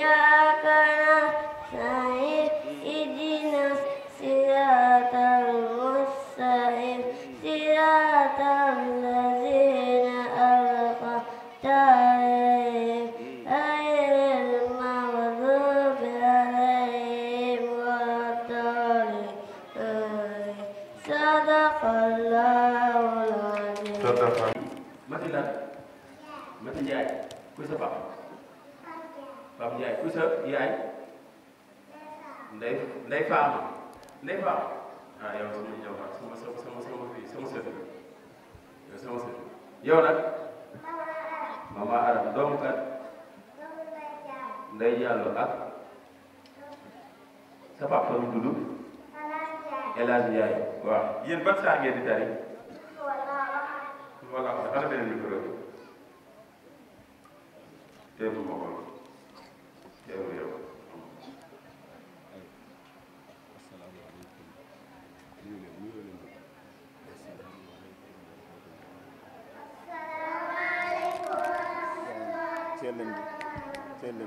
Yeah. ndey faam ndey faam ah yow sama ñëw ah sama sama sama mama aram doomu kat ndey jàllo ak sa papa lu tudd El Hadj Ndiaye waaw yéen ban saa ngeen di tari voilà ana beneen micro bi teewul ma ko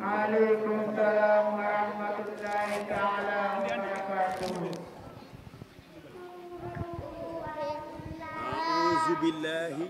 maaleykum salaam wa rahmatullahi taala wa barakatuhu auzu billahi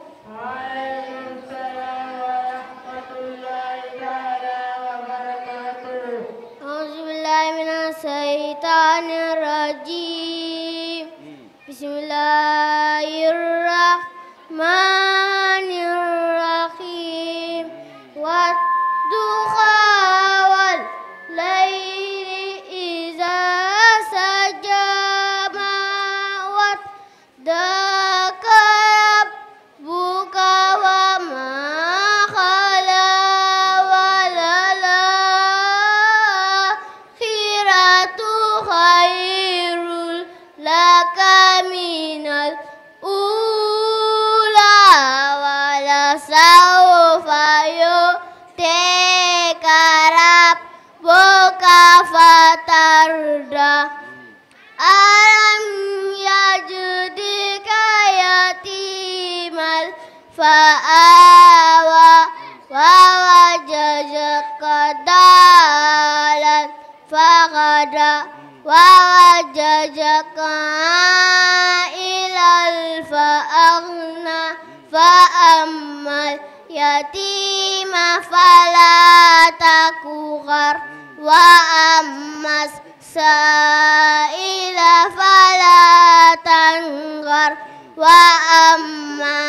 الشيطان الرجيم بسم الله الرحمن الرحيم والدخان amal yatima fala takuhar wa ammas saila fala tanggar wa amma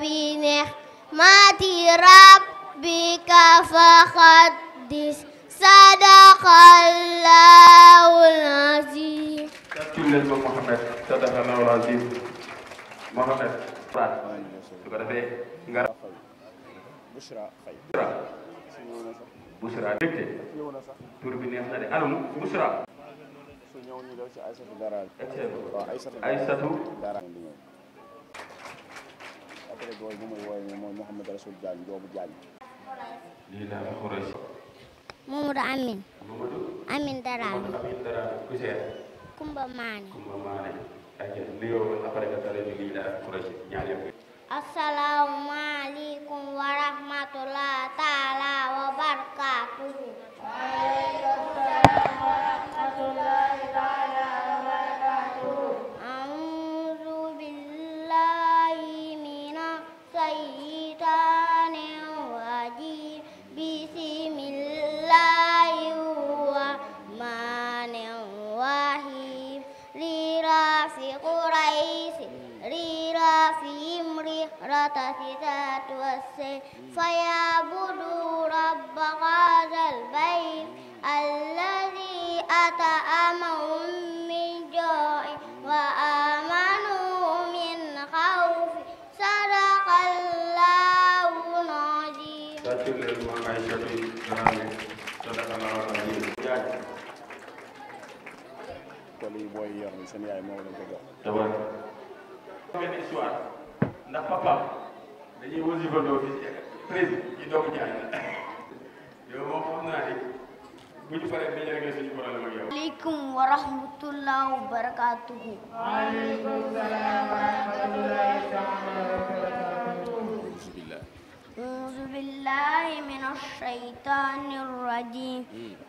binah mati rabbika fakhaddis sadaqallahul azim Muhammad, Muhammad, su ko defee nga rafet. Bouchra Faye. Bouchra dégg tur bi neex na de alamu Bouchra. su ñëw ñu def ci Aysatu dara. Aysatu dara. après booy bu muy wooyee mooy Mouhamed Rasoul Diagne doomu Diagne. lii laa Xuraysi. Mamadou Amin. Mamadou Amin Darame. Amin Darame ku seet. Kumba Maane. Kumba Maane. ak nuyoo après nga tare lii laa Xuraysi ñaar yëpp. Assalamualaikum warahmatullahi taala wabarakatuh. Waalaikumsalam warahmatullahi taala. الشجرة ذات والسيف فيعبدوا رب هذا البيت الذي أطعمهم من جوع وآمنوا من خوف صدق الله العظيم Kali boy yang sini ay mo lang ko. Tawag. Kami ni Suar. ndax papaam dañuy wasifandoo fii ci président ci doomu jaay la yow moom xam naa ni bu ñu paree dañu réglé suñu problème ak yow. aleykum wa rahmatulah wa barakaatuhu. waaleykum salaam wa rahmatulah wa أعوذ بالله من الشيطان الرجيم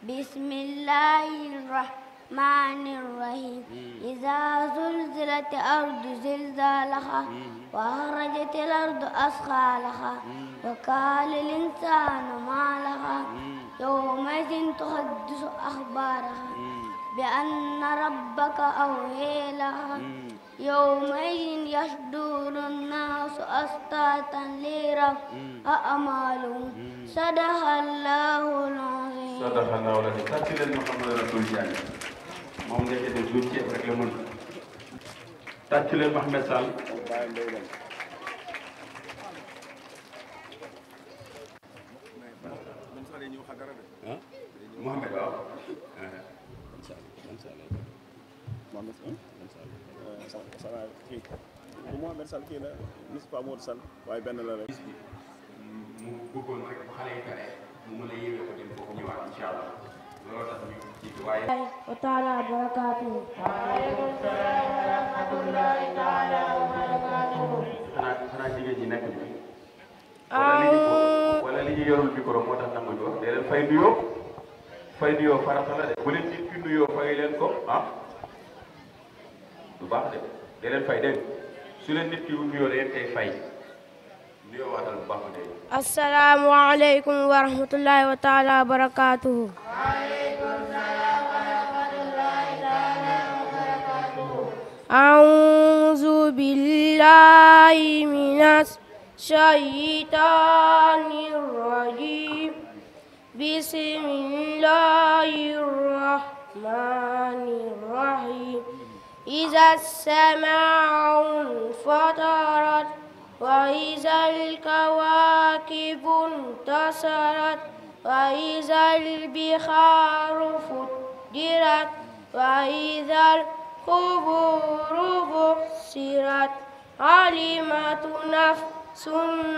بسم الله الرحمن الرحمن الرحيم إذا زلزلت الأرض زلزالها وأخرجت الأرض أثقالها وقال الإنسان ما لها يومئذ تحدث أخبارها بأن ربك أوهي لها يومئذ يشدون الناس أشتاتا ليرف أعمالهم صدق الله العظيم صدق الله العظيم تأكد محمد رسول الله moom ngay indi suuf ceeb rek la mën tàcc leen Mouhamed Sall. ah Mouhamed waaw. bu Mouhamed Sall kii la gis Pa Modou Sall waaye benn la rek. mu bëggoon rek bu xale yi pare mu mën a yéwee ko dem foofu ñëwaat incha allah. loolu tax ñu bi wala moo tax nangu ñu wax dee leen fay nuyoo fay nuyoo farata la de bu leen nuyoo fay leen ko ah lu baax de dee fay dégg su leen nit ki nuyoo leen tey fay nuyoo waatal bu baax de assalaamu aleykum wa rahmatullahi wa taala أعوذ بالله من الشيطان الرجيم بسم الله الرحمن الرحيم إذا السماء انفطرت وإذا الكواكب انتصرت وإذا البحار فجرت وإذا قبور بحصرت علمت نفس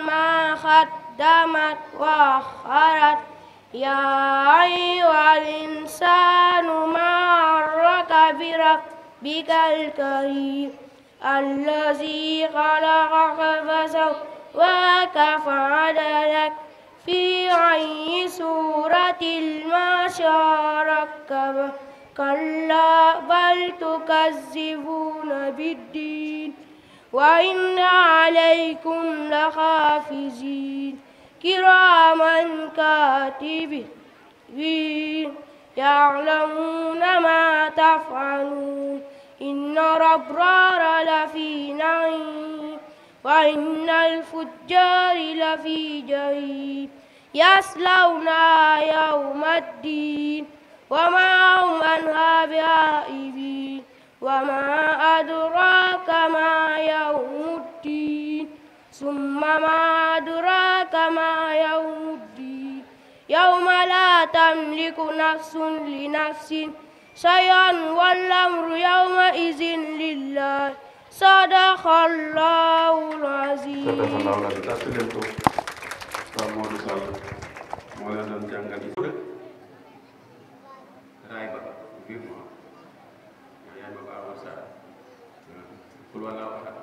ما خدمت وأخرت يا أيها الإنسان ما غرك بربك الكريم الذي خلقك فسواك فعدلك في أي سورة ما شاركك كلا بل تكذبون بالدين وإن عليكم لحافظين كراما كاتبين يعلمون ما تفعلون إن الأبرار لفي نعيم وإن الفجار لفي جحيم يصلون يوم الدين وما هم عنها بغائبين وما أدراك ما يوم الدين ثم ما أدراك ما يوم الدين يوم لا تملك نفس لنفس شيئا والأمر يومئذ لله صدق الله العظيم صدق الله العظيم qul wallaahu ahad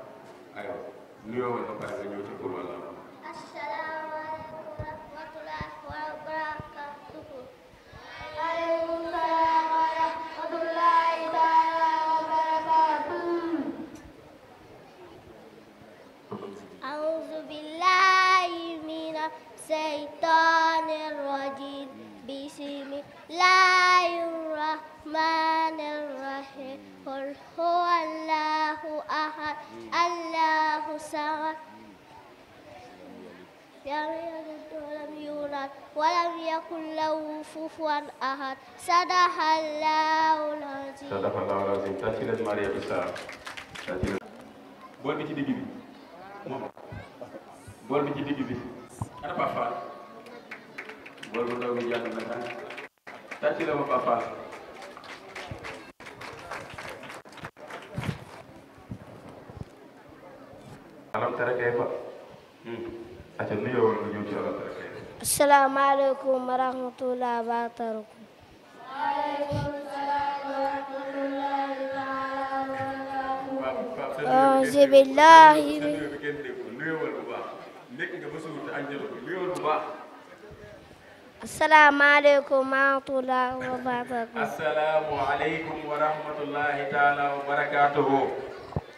aywa nuyoo woon ba pare nga ñëw ci qul wallaahu ahad. asalaamaaleykum wa rahmatulah wa barakaatuhu. waaleykum salaam wa rahmatulah wa barakaatuhu. أعوذ بالله من الشيطان الرجيم بسم الله الرحمن Qul huwallahu ahad, Allahu samad. Yang yalid walam yulad walam yakul lahu kufuwan ahad. Sadaqallahu lazim. Sadaqallahu lazim. Tati leen Maria Bisa. Tati leen. Bool bi ci digg bi. Moom. Bool bi ci digg bi. Ana Papa Fall. Bool bu alhamdulilah kayfa. ati nuyoo nga ñëw ci alhamdulilah kayfa. asalaamaaleykum wa rahmatulah wa barakatuh. waaleykum salaam wa rahmatulah wa barakatuh. auzu billahi. asalaamaaleykum wa rahmatulah wa barakatuh. asalaamaaleykum wa rahmatulah taala wa barakatuh.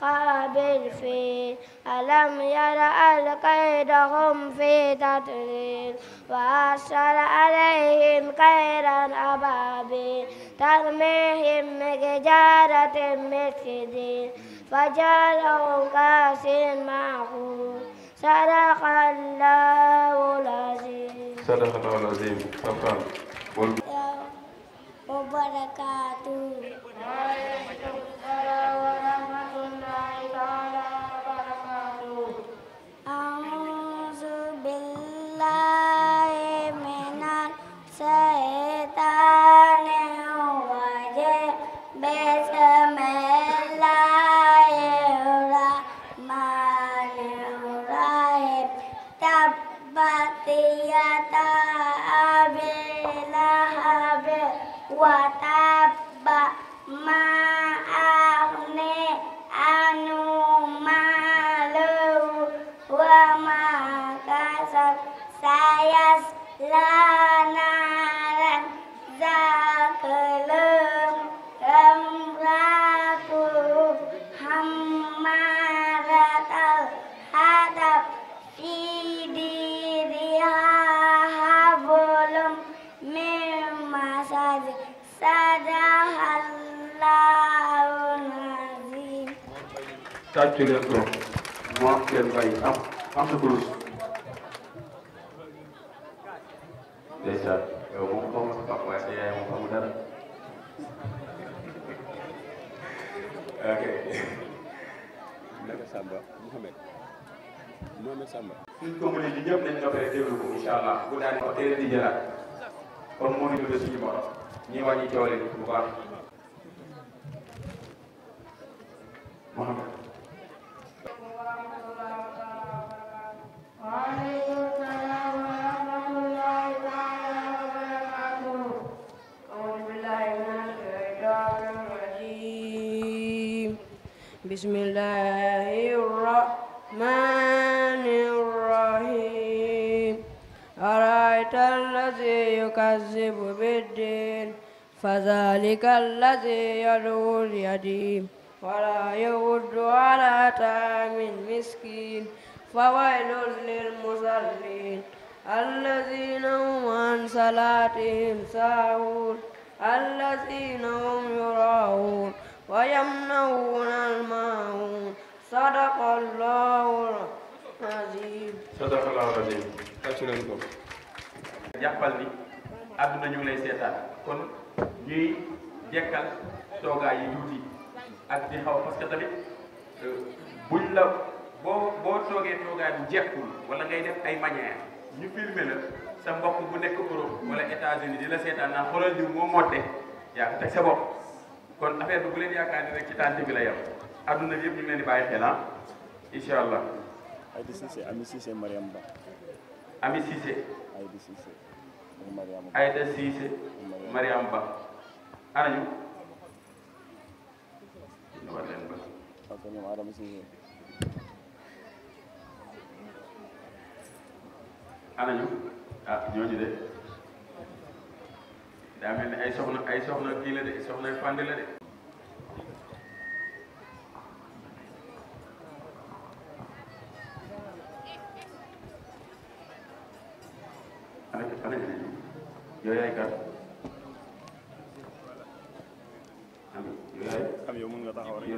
قابل فيه ألم ير القيدهم في تضليل وأرسل عليهم قيرا أبابيل ترميهم بجارة من سجيل فجعلهم كاس معقول صدق الله العظيم صدق الله العظيم وبركاته tàccu leen ko moo am kenn bay am am na kurus. ndeysaan yow moom xaw ma sa papa waaye sa yaay moom xamul dara. ok. Mohamed Samba Mohamed Mohamed Samba. suñ ko mënee ñun ñëpp nañ noppee déglu ko incha allah bu daan ko teel di jëlaat kon moo ñu dund suñu borom ñi wàññi coow leen bu baax. Mohamed. بسم الله الرحمن الرحيم أرأيت الذي يكذب بالدين فذلك الذي يدعو اليتيم ولا يود على طعام مسكين فويل للمصلين الذين هم عن صلاتهم ساهون الذين هم يراهون ويمنعون الماعون صدق الله العظيم صدق الله العظيم asalaamaaleykum jàppal ni àdduna ñu lay seetaan kon ñuy jekkal toogaay yi tuuti ak di xaw parce que tamit euh, buñ la boo boo toogee toogaay bu jekkul wala ngay def ay manière ñu filmer la sa mbokk bu nekk Europe wala États-Unis di seetaan naa xoolal jiw moo motte yaa ko teg sa bopp kon affaire bi ni rek ci tànt bi la yem adduna bi yëpp ñu ngi ah. allah. Aïda Cissé Ba. Ami Cissé. Aïda Cissé. Mariam Ba Aïda Cissé. Mariam Ba ana ñu. war leen ba. parce que ñoom Adama Cissé. daa mel ni ay soxna ay soxna kii la de soxna fàndi la de yooyu ay kan am yow mën nga taxaw rek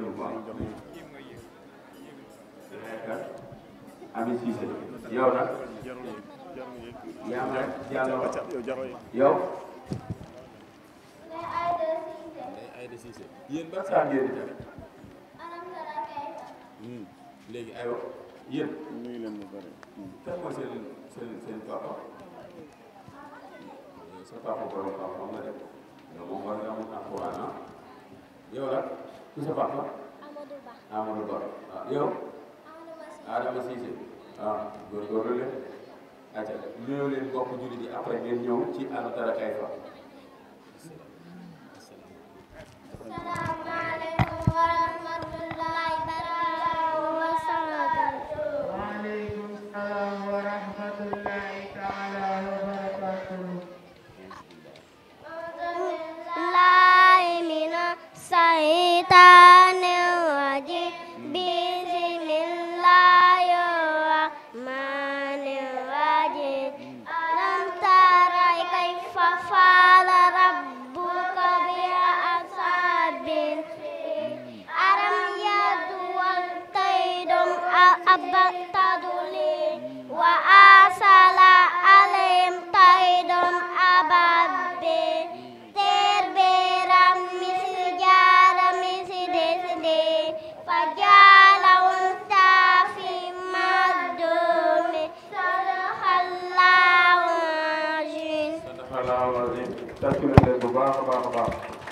ami Cissé yow nag yaa ma rek yow Aïda Cissé yéen ban saar ngeen di jàng hmm, léegi aywa yéen nuyu leen bu bëri kan mooy seen seen seen papa sa papa borom papa nga def donc moom war nga amul alxuraan ah? yow ku sa papa Amadou Ba waaw ah, yow Adama Cissé waaw ah, góorgóorlu leen acca nuyoo leen bokk jullit yi après ngeen ñëw ci Al Taraqiyah Salam.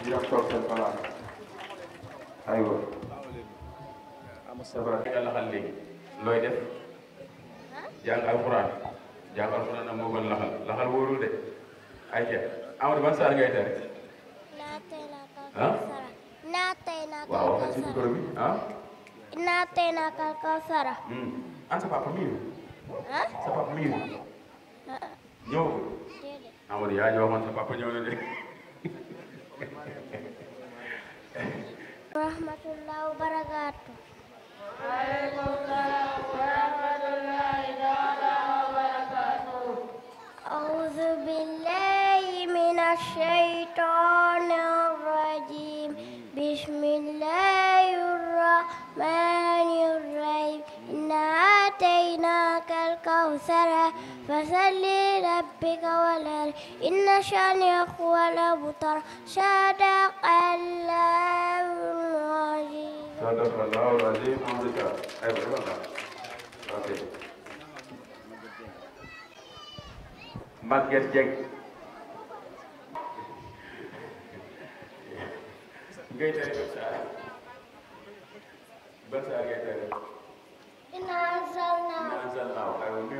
dina toog seen place aywa nga laxal léegi Jangan def jàng alxuraan jàng alxuraan nag moo gën laxal laxal wóorul de ay Sarah? Amadou ban saar ngay tere ah waaw waxal ci ah naataynaakal an sa papa miinu sa papa miinu ñëw Amadou yaa ñëw man sa papa ñëw na de ورحمة الله وبركاته وعليكم السلام ورحمة الله تعالى وبركاته أعوذ بالله من الشيطان الرجيم بسم الله الرحمن كوثرا فسل لربك ولا إن شانئك هو لبطر صدق الله العظيم صدق الله العظيم أمريكا أيوة, أيوة،, أيوة. أوكي Maget Jeng Gaya dari now. I will be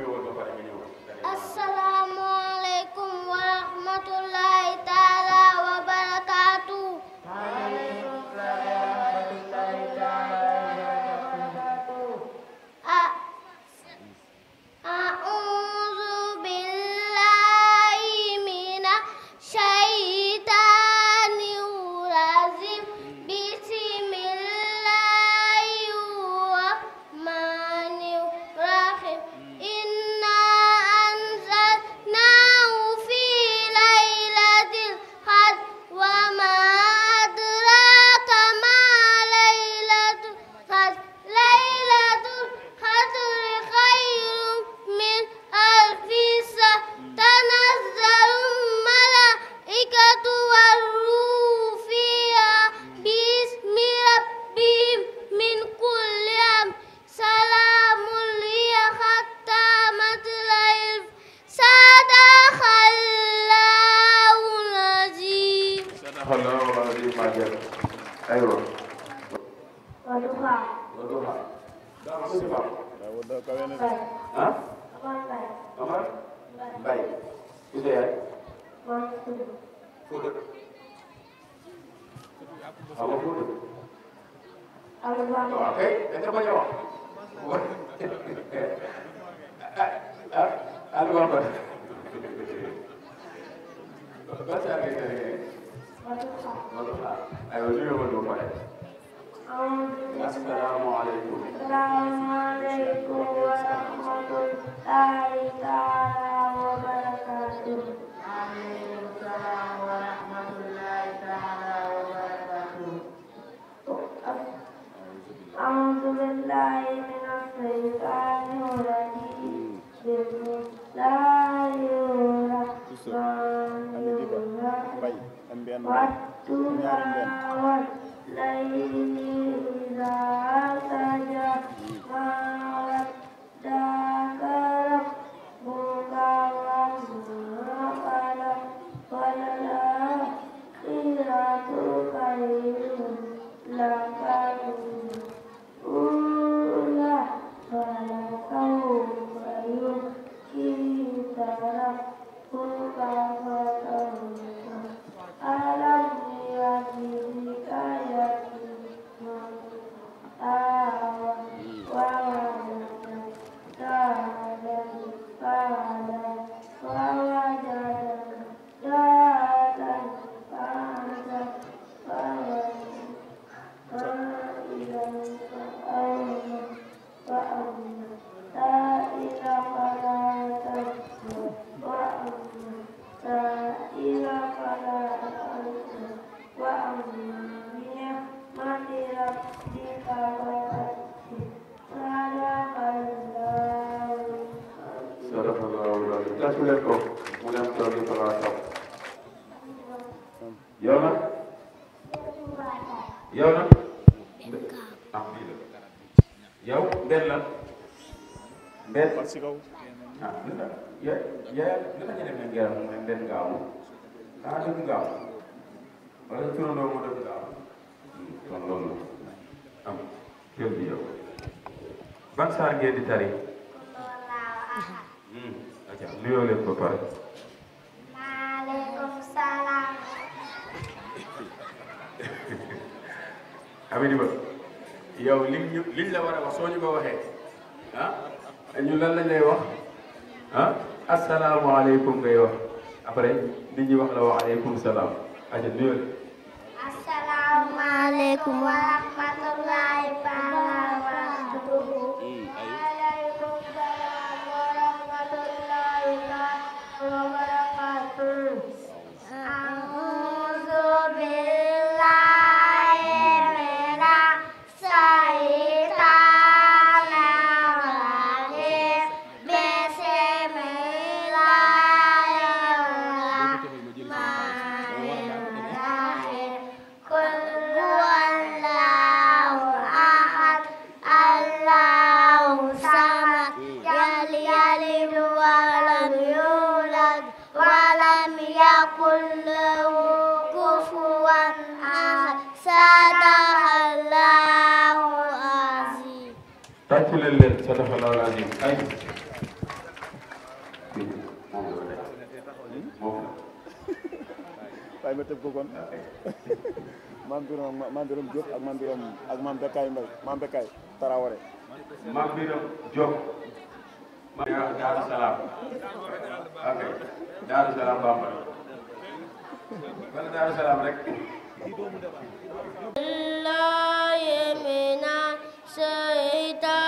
yow nag am ah, bii la yow benn la benn ah li nga ya yaa li nga ñu demee gerte mu ne benn gaaw ah dëgg gaaw wala turandoo moo dëgg gaaw hmm, ah, kon loolu tari. Hmm, nuyoo leen ba pare. Hamidou Ba yow liñ ñu liñ la war wax soo ñu ko waxee ah ñu lan lañ lay wax ah asalaamaaleykum ngay wax après nit ñi wax la waaleykum salaam. asalaamaaleykum wa rahmatulah. Ibrahima tëb ko kon maam Biram maam Biram Diop ak maam Biram ak maam Bekkaay Mbaye maam Bekkaay Tarawore maam Biram Diop Daaru Salaam ok Daaru Salaam Bambara wala Daaru Salaam rek Allah yemina shaytan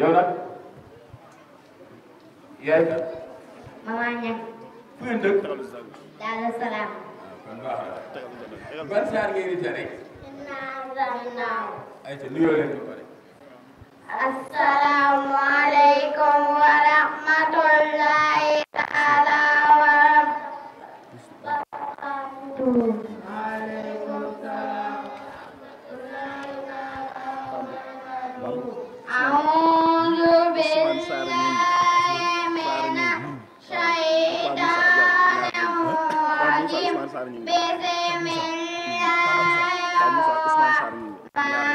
yow nag yaay kan. maman Niang. fu ngeen dëkk. Daaru Salaam. kon baax na ban saar ngeen di tere. naaw naaw naaw. ayca nuyoo leen ba pare. assalaamu aleykum wa rahmatullaahi taala wa Sarni. Kamu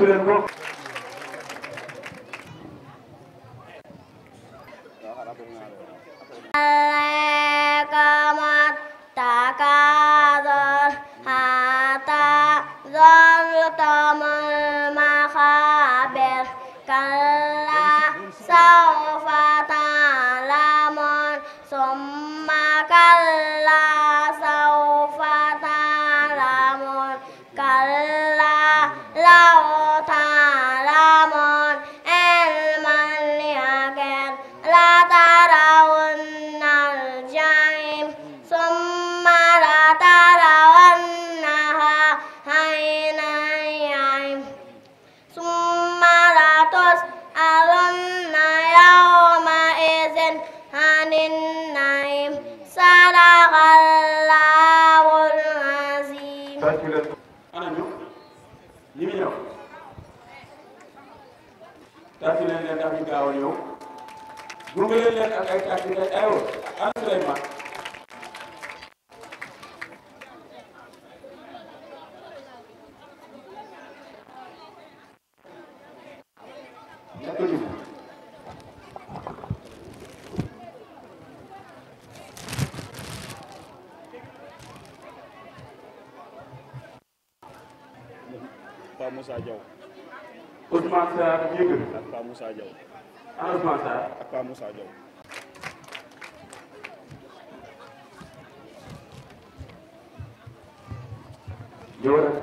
Natürlich. rugaleen leen ak ay ak ay aywa an Souleymane Moussa Diaw. Ousmane Pa Moussa Diaw di war a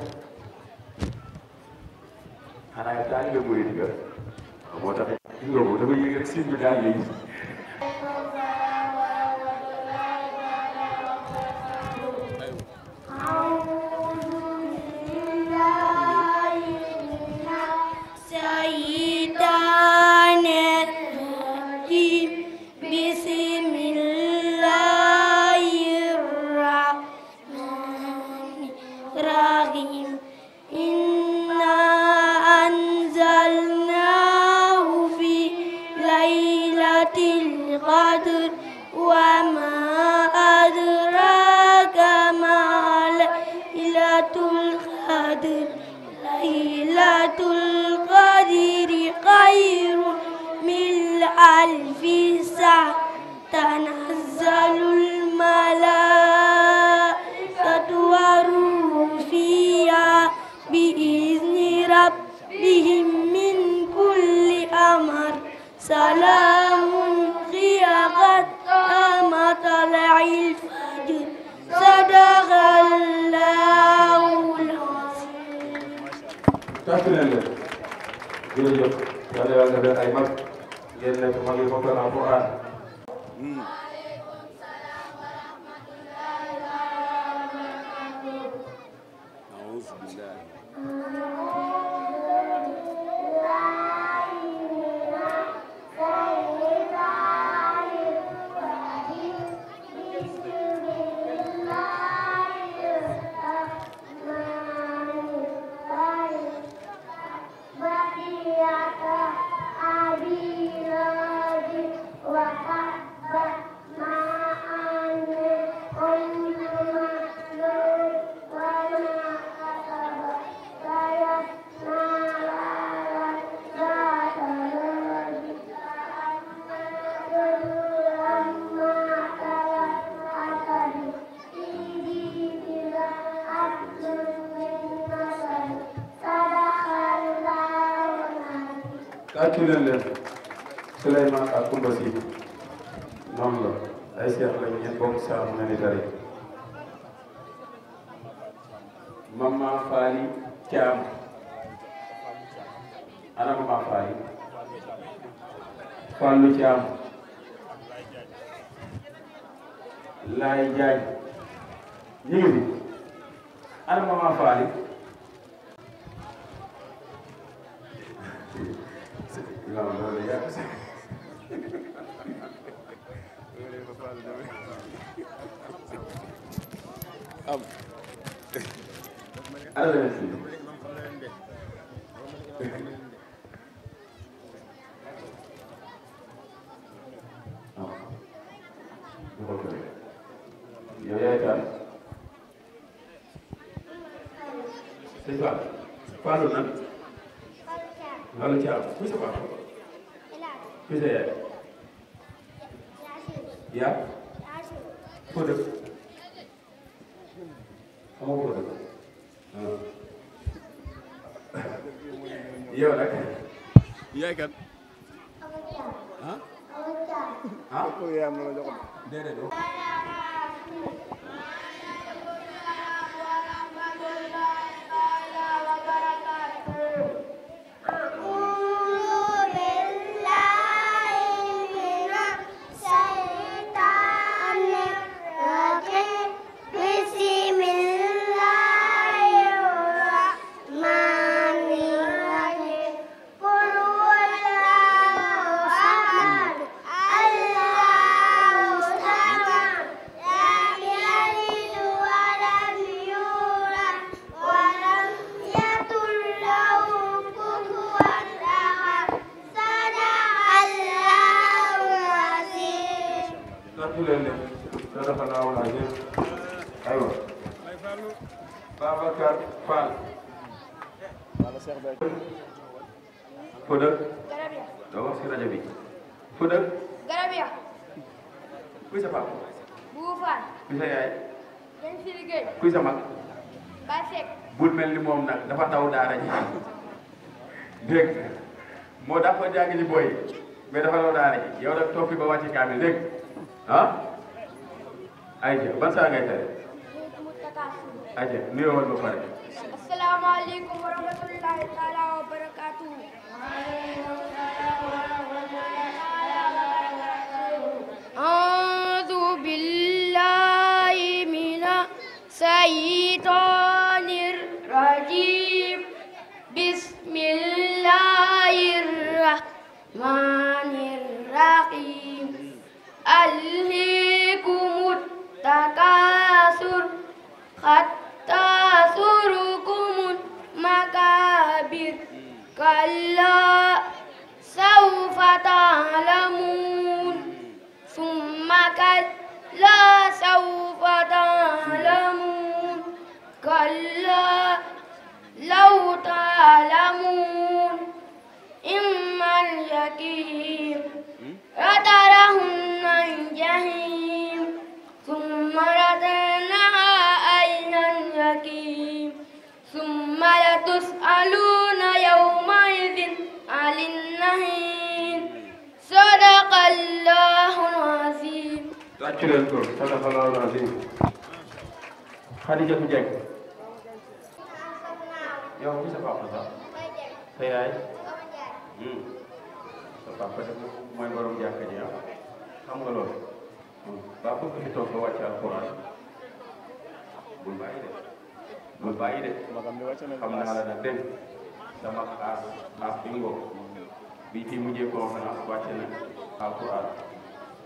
ñu ngi fi ana maman Faly non loolu yàgg sax am ana la Fall Fallu nan Fallu Caam kuy sa papa kuy sa yaay yaa foo dëkk xamoo foo dëkk yow nag yaay kan ah ah déedéet Fodé. doo wax si rajo bi. Fodé. garab ya. kuy sa papa. Bou Fall. kuy sa yaay. dañ si liggéey. kuy sa mel ni moom nag dafa taw daara ji dégg moo tax ko jàng ji booy mais dafa taw daara ji yow nag toppi ba wàcc kaamil dégg ah. ayca ban saa ngay tere. ayca nuyoo woon ba pare. taala wabarakatuh. أعوذ بالله من الشيطان الرجيم بسم الله الرحمن الرحيم أليكم التكاثر حتى سركم المكان كلا سوف تعلمون ثم كلا سوف تعلمون كلا لو تعلمون إما اليكيم لترهن الجحيم العظيم تاكل الكل صدق الله العظيم خديجة جاك yow mi sa papa sax sa yaay sa papa def mooy borom jàkka ji ah xam nga loolu baa bëgg fi toog ba wàcc alquran bul bàyyi de bul bàyyi de xam naa la nag dégg sama aas aas bi ngoo bi ci mujjee conférence wàcc na alquran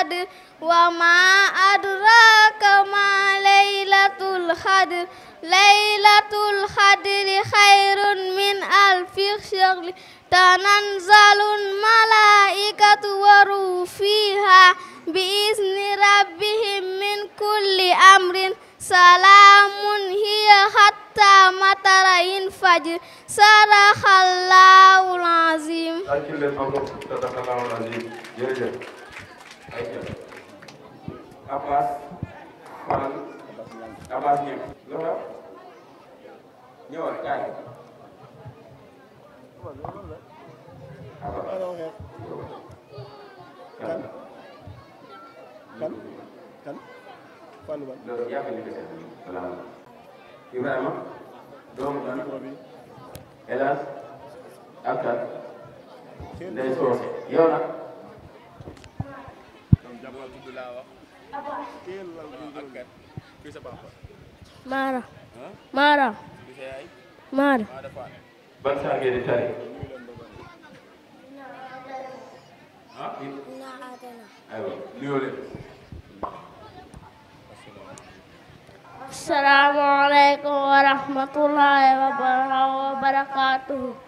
القدر وما أدراك ما ليلة القدر ليلة القدر خير من ألف شهر تنزل الملائكة والروح فيها بإذن ربهم من كل أمر سلام هي حتى مطلع الفجر صدق الله العظيم Abbas Fall Abbas Niang loolu la ñëwal kaay kan kan kan Fallou Ba loolu yaa ngi dese wala Ibrahima doomu kan El Hadj ak kan Ndeye Soose yow nag jàppal tudd laa wax. teel la ak kan kuy sa papa. Mara. Mara. kuy sa yaay. Mara. ban saa ngeen di tari. ah. aywa nuyoo leen. asalaamaaleykum wa rahmatulahi wa barakaatuhu.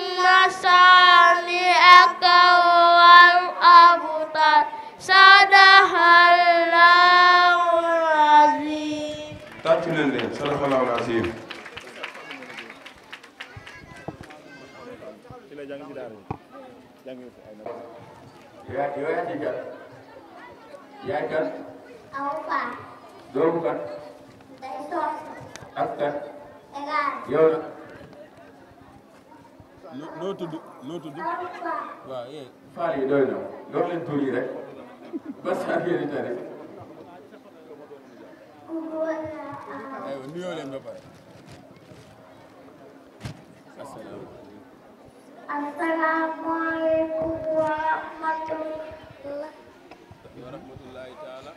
kasani akau wal abutar sadahallahul azim tàccu leen leen sadahallahul azim ya ya tiga ya kan apa dua bukan Aku Enggak. Ya. noo tudd noo tudd waaw yéen. Eh. faar yi doy na dox leen tuur yi rek bas affaire yi tari. aywa nuyoo leen ba pare. asalaamaaleykum wa rahmatulah. wa rahmatulahi taala.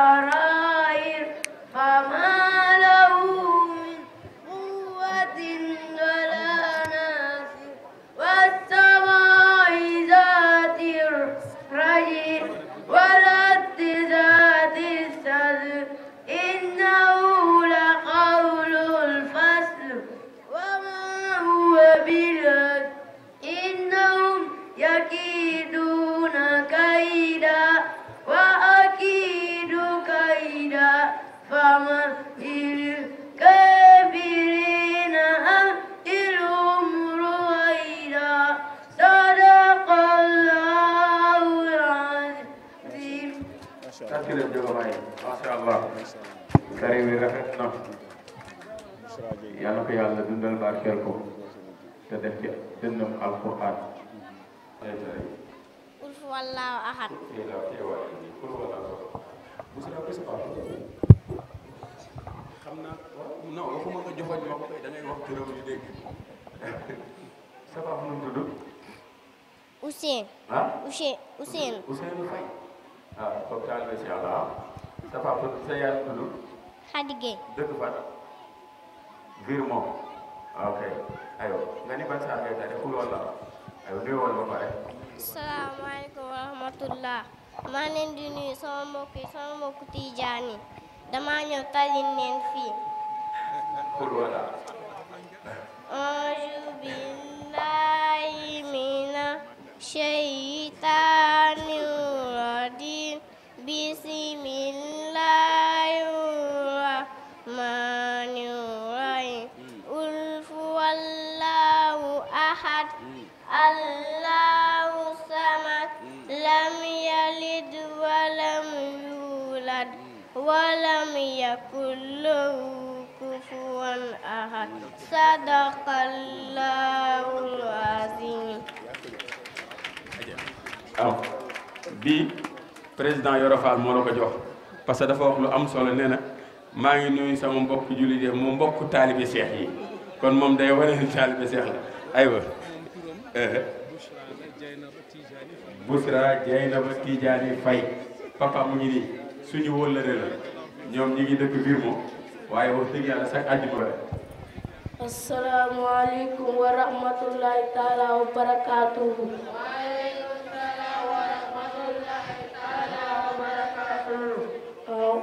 Sarah. président Yoro Fall moo la ko jox parce que dafa wax lu am solo nee na maa ngi nuyu sama mbokk jullit yi mu mbokk taalibe cheikh yi kon moom day wane ni taalibe seex la wa eh. Busra Jaynaba Tijaani Fay papa mu ngi ni suñu wóllëre la ñom ñi ngi dëkk biir mo waaye wax dëgg yàlla sax àjjuma ko assalaamu aleykum wa rahmatullahi taala wa barakaatuhu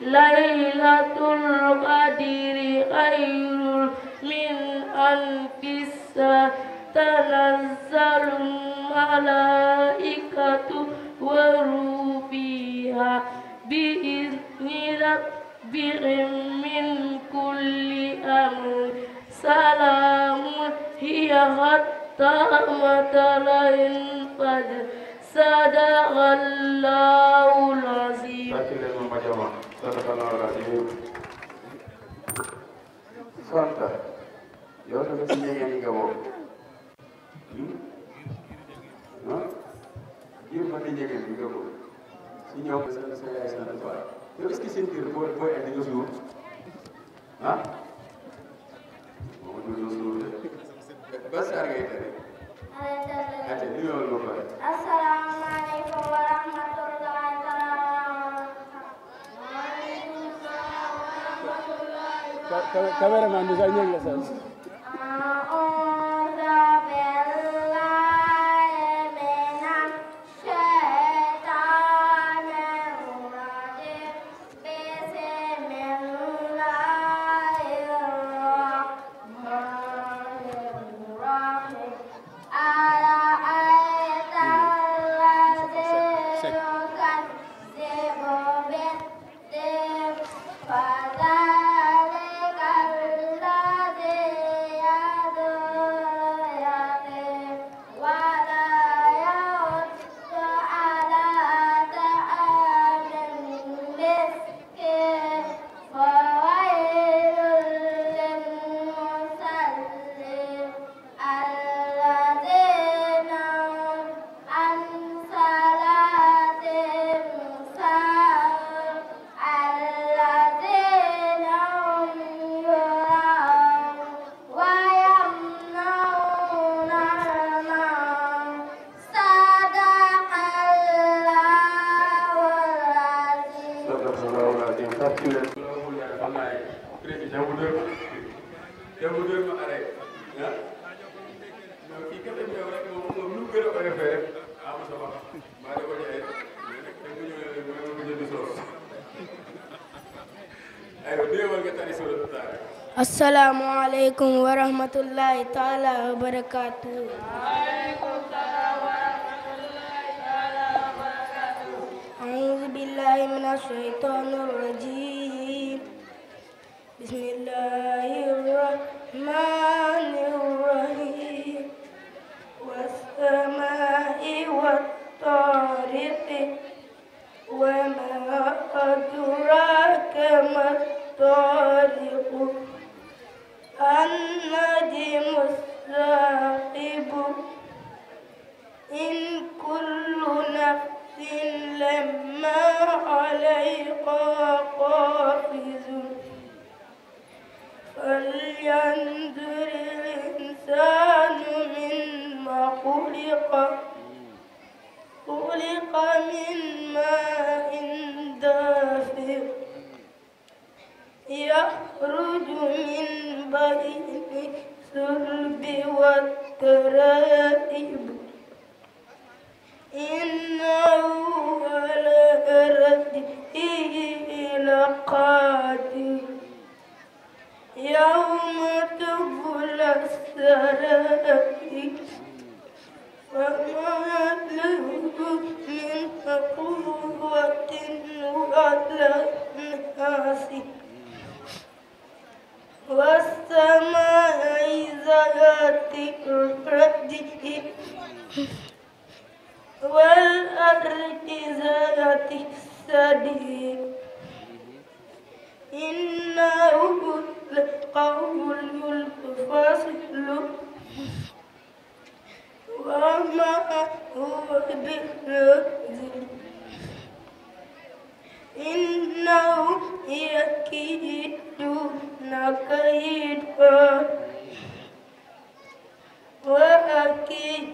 ليلة القدر خير من ألف تنزل الملائكة وروبيها بإذن ربهم من كل أمر سلام هي حتى مطلع الفجر صدق الله الشيطان الرجيم sant yow da nga si ñeñeen nga moom ah si ñoom sa sa yaay sa dafa yow est-ce que seen kër boo boo indi nga suur ah boo Kameraman man ne عليكم ورحمة الله تعالى وبركاته وعليكم السلام ورحمة الله تعالى وبركاته أعوذ بالله من الشيطان الرجيم والأرض ذات السديد إنه قوم الفصل وما هو بالنزل إنه يكيد دون نكيدا وأكيد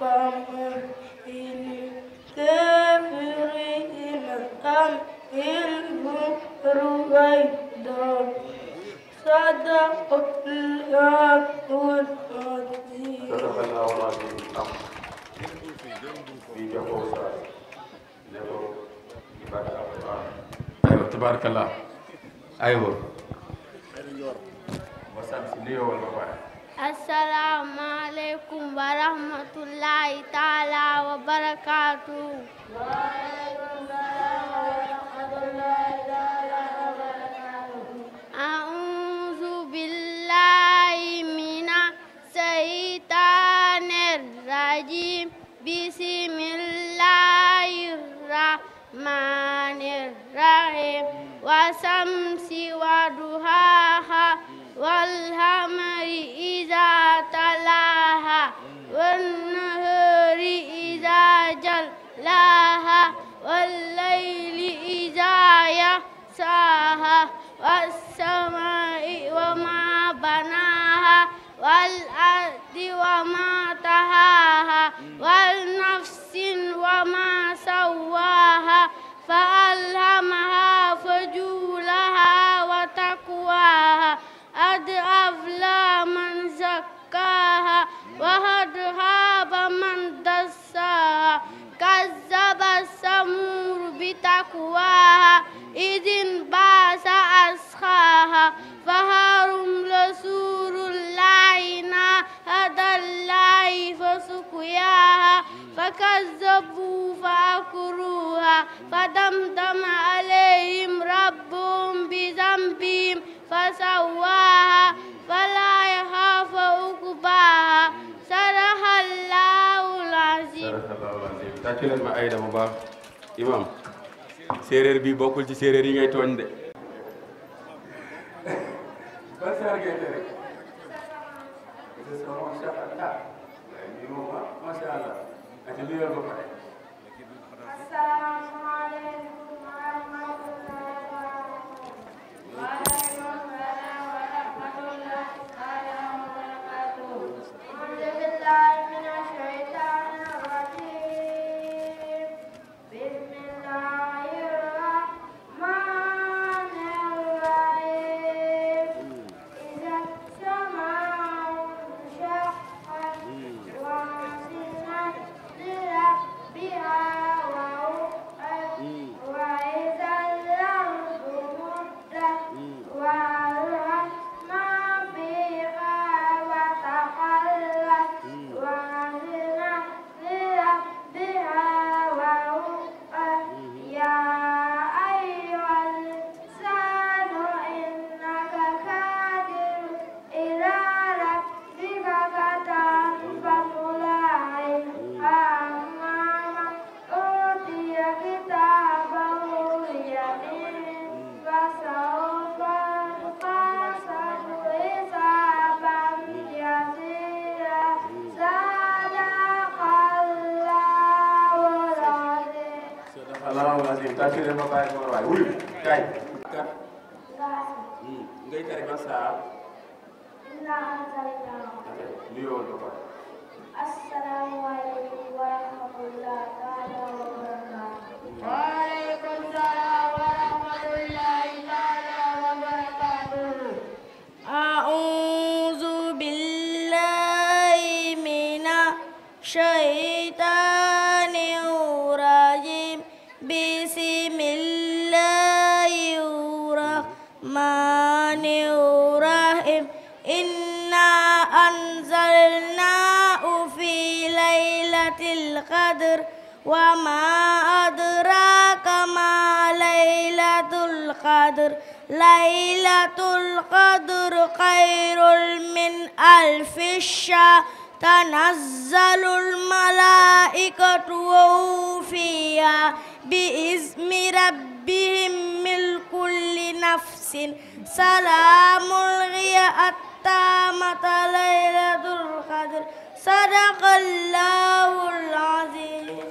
فانظر للكافرين أمهلهم رويدا صدق الله العظيم صدق الله العظيم तबारकल्ला आयो Assalamualaikum warahmatullahi taala wabarakatuh. Waalaikumsalam warahmatullahi taala wabarakatuh. A'udzu billahi syaitanir rajim. Bismillahirrahmanirrahim. Wasamsi waduhaha. والهمر إذا تلاها والنهر إذا جلاها والليل إذا يساها والسماء وما بناها والأرض وما طهاها والنفس وما سواها فألهمها فجولها قد أفلى من زكاها وقد خاب من دساها كذب السمور بتقواها إذ انبعث أسخاها فهرم رسول الله ناهد الله فسقياها فكذبوا فأكروها فدمدم عليهم ربهم بذنبهم فسواها فلا يخاف عقباها صدق الله العظيم صدق الله العظيم tàccu leen bi bokkul ci séeréer yi ngay dama bàyyi sama waay wuyu kaay القدر خير من ألف شهر تنزل الملائكة وهو فيها بإذن ربهم من كل نفس سلام الغياء التامة ليلة القدر صدق الله العظيم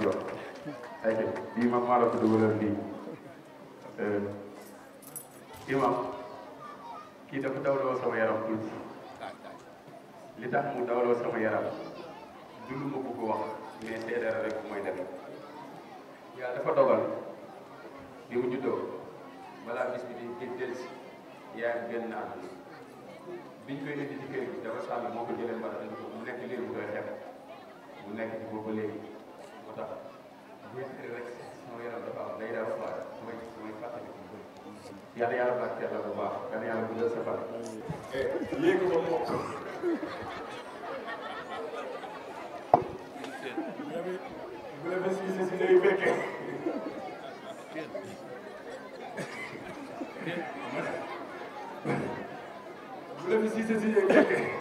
your yàlla yàlla barkeel la bu baax yàlla yàlla guddal sa fan. Eh, léegi ba mokk. bu la bés gisee si lay fekkee. bu la bés gisee si lay fekkee.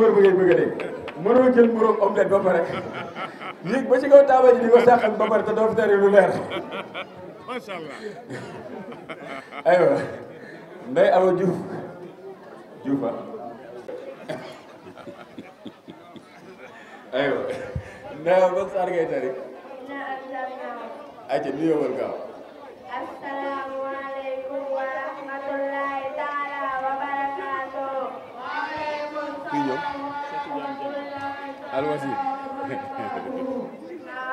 góor bu ngeen bëgg a dégg mënoo jël mburoog omelette ba pare yéeg ba ci kaw taabal ji di ko sàqal ba pare te doo fi tari lu leer macha allah Ayo, nday awa Diouf ayo ah aywa nday awa boog saar ngay tari aca nuyoo wal gaaw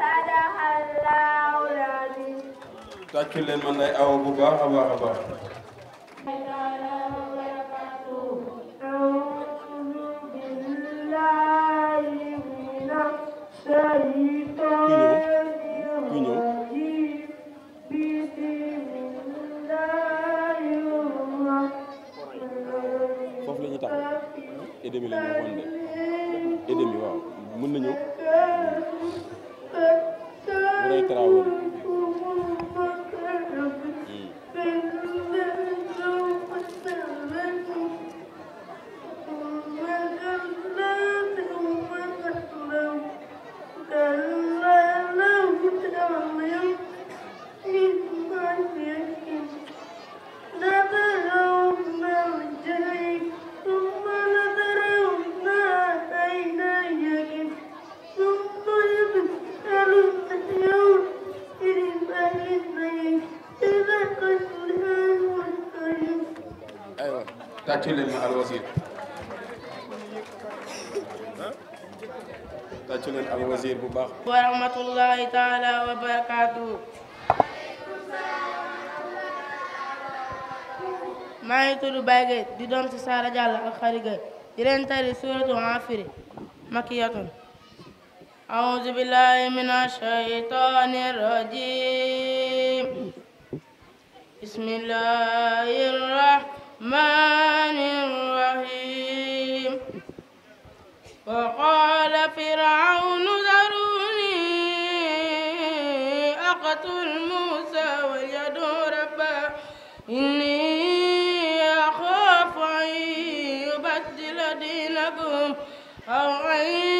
sadaqallaahu l-aziim tàccu leen man day awa bu baax a baax a baax foofu la ñuy taxaw et demi la ñu wan de et demi waaw mën na Ney xari gay di leen tari suratu afiri makiyatun أعوذ بالله من الشيطان الرجيم بسم الله الرحمن الرحيم وقال فرعون أنفسكم أو أن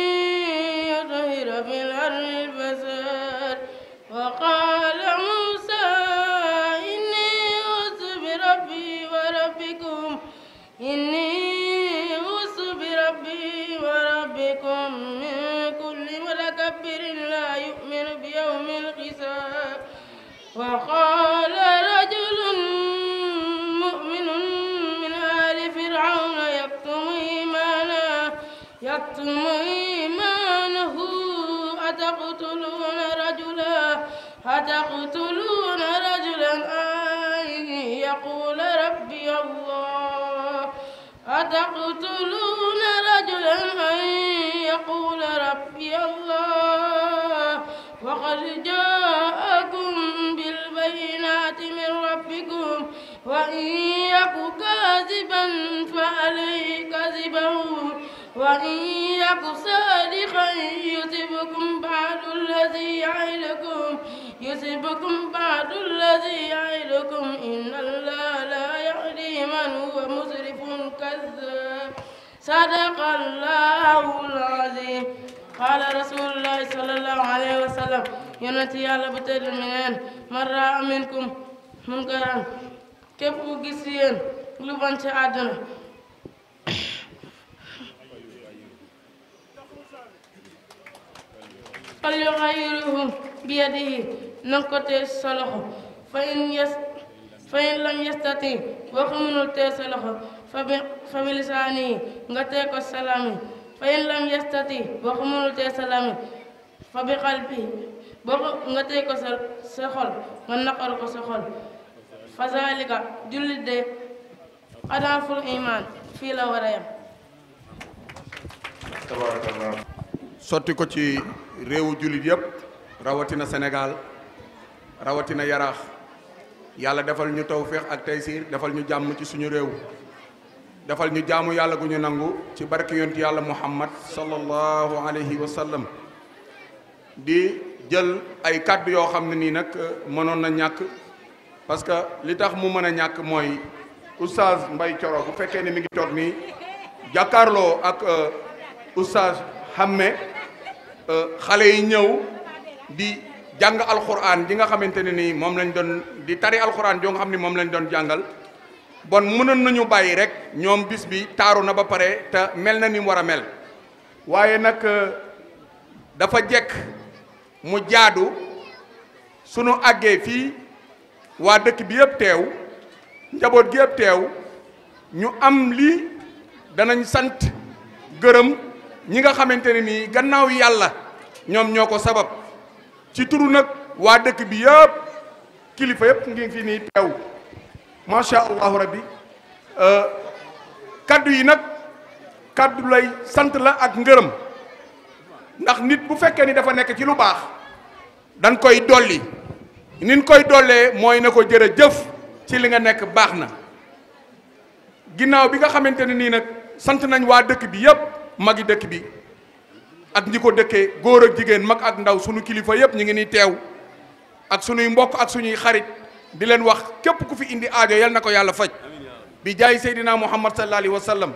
أتقتلون رجلا أن آه، يقول ربي الله أتقتلون رجلا أن آه، يقول ربي الله وقد جاءكم بالبينات من ربكم وإن يك كاذبا فعليه كذبه وإن يك صادقا يصبكم بعد الذي يعلكم يسبكم بعد الذي يعدكم إن الله لا يهدي من هو مسرف كذاب صدق الله العظيم قال رسول الله صلى الله عليه وسلم ينتهي على بتر منين من راى منكم منكرا كيف وجسين لبن قال فليغيرهم بيده نلقتي صلاحه فإن يس فإن لم يستطيع وخمن التسلخ فبلساني غتيك السلام فإن لم يستطيع وخمن التسلام فبقلبي بوكو غتيك السخل ونقرك السخل فذلك جلد أضعف الإيمان في لوريا تبارك الله سوتي كوتي ريو جوليت ياب رواتينا سنغال rawatina yaraax yàlla defal ñu tawféex ak taysiir defal ñu jàmm ci suñu réew defal ñu jaamu yàlla gu ñu nangu ci barke yonent yàlla muhammad sallallahu alayhi wa sallam di jël ay kàddu yoo xam ne nii nag euh, mënoon na ñàkk parce que li tax mu mën a ñàkk mooy oustaz Mbay Coro bu fekkee ne mi ngi toog nii jàkkaarloo ak euh, oustaz Hamme euh, xale yi ñëw di Jangan Al Quran nga xamanteni ni mom lañ doon di tari alxuraan jo nga xamni mom lañ doon jangal bon mënon nañu bayyi rek ñom bis bi taru na ba paré te melna ni wara mel waye nak euh, dafa jek mu jaadu sunu agge fi wa dekk bi yeb tew njabot gi yeb tew ñu am lii danañ sante gërëm ñi nga xamanteni ni gannaaw yalla ñom ñoko sabab ci turu nag waa dëkk bi yëpp kilifa yëpp ngi fi nii teew macha allahu rabbi euh, kàddu yi nag kàddu lay sant la ak ngërëm ndax nit bu fekkee ni dafa nekk ci lu baax dañ koy dolli nin koy dollee mooy na ko jër jëf ci li nga nekk baax na ginnaaw bi nga xamante ne nii nag sant nañ waa dëkk bi yëpp magi dëkk bi ak ñi ko dëkkee góor ak jigéen mag ak ndaw suñu kilifa yëpp ñu ngi nii teew ak suñuy mbokk ak suñuy xarit di leen wax képp ku fi indi aajo yal na ko yàlla faj bi jaay Seydina Muhammad sallallahu alayhi wa sallam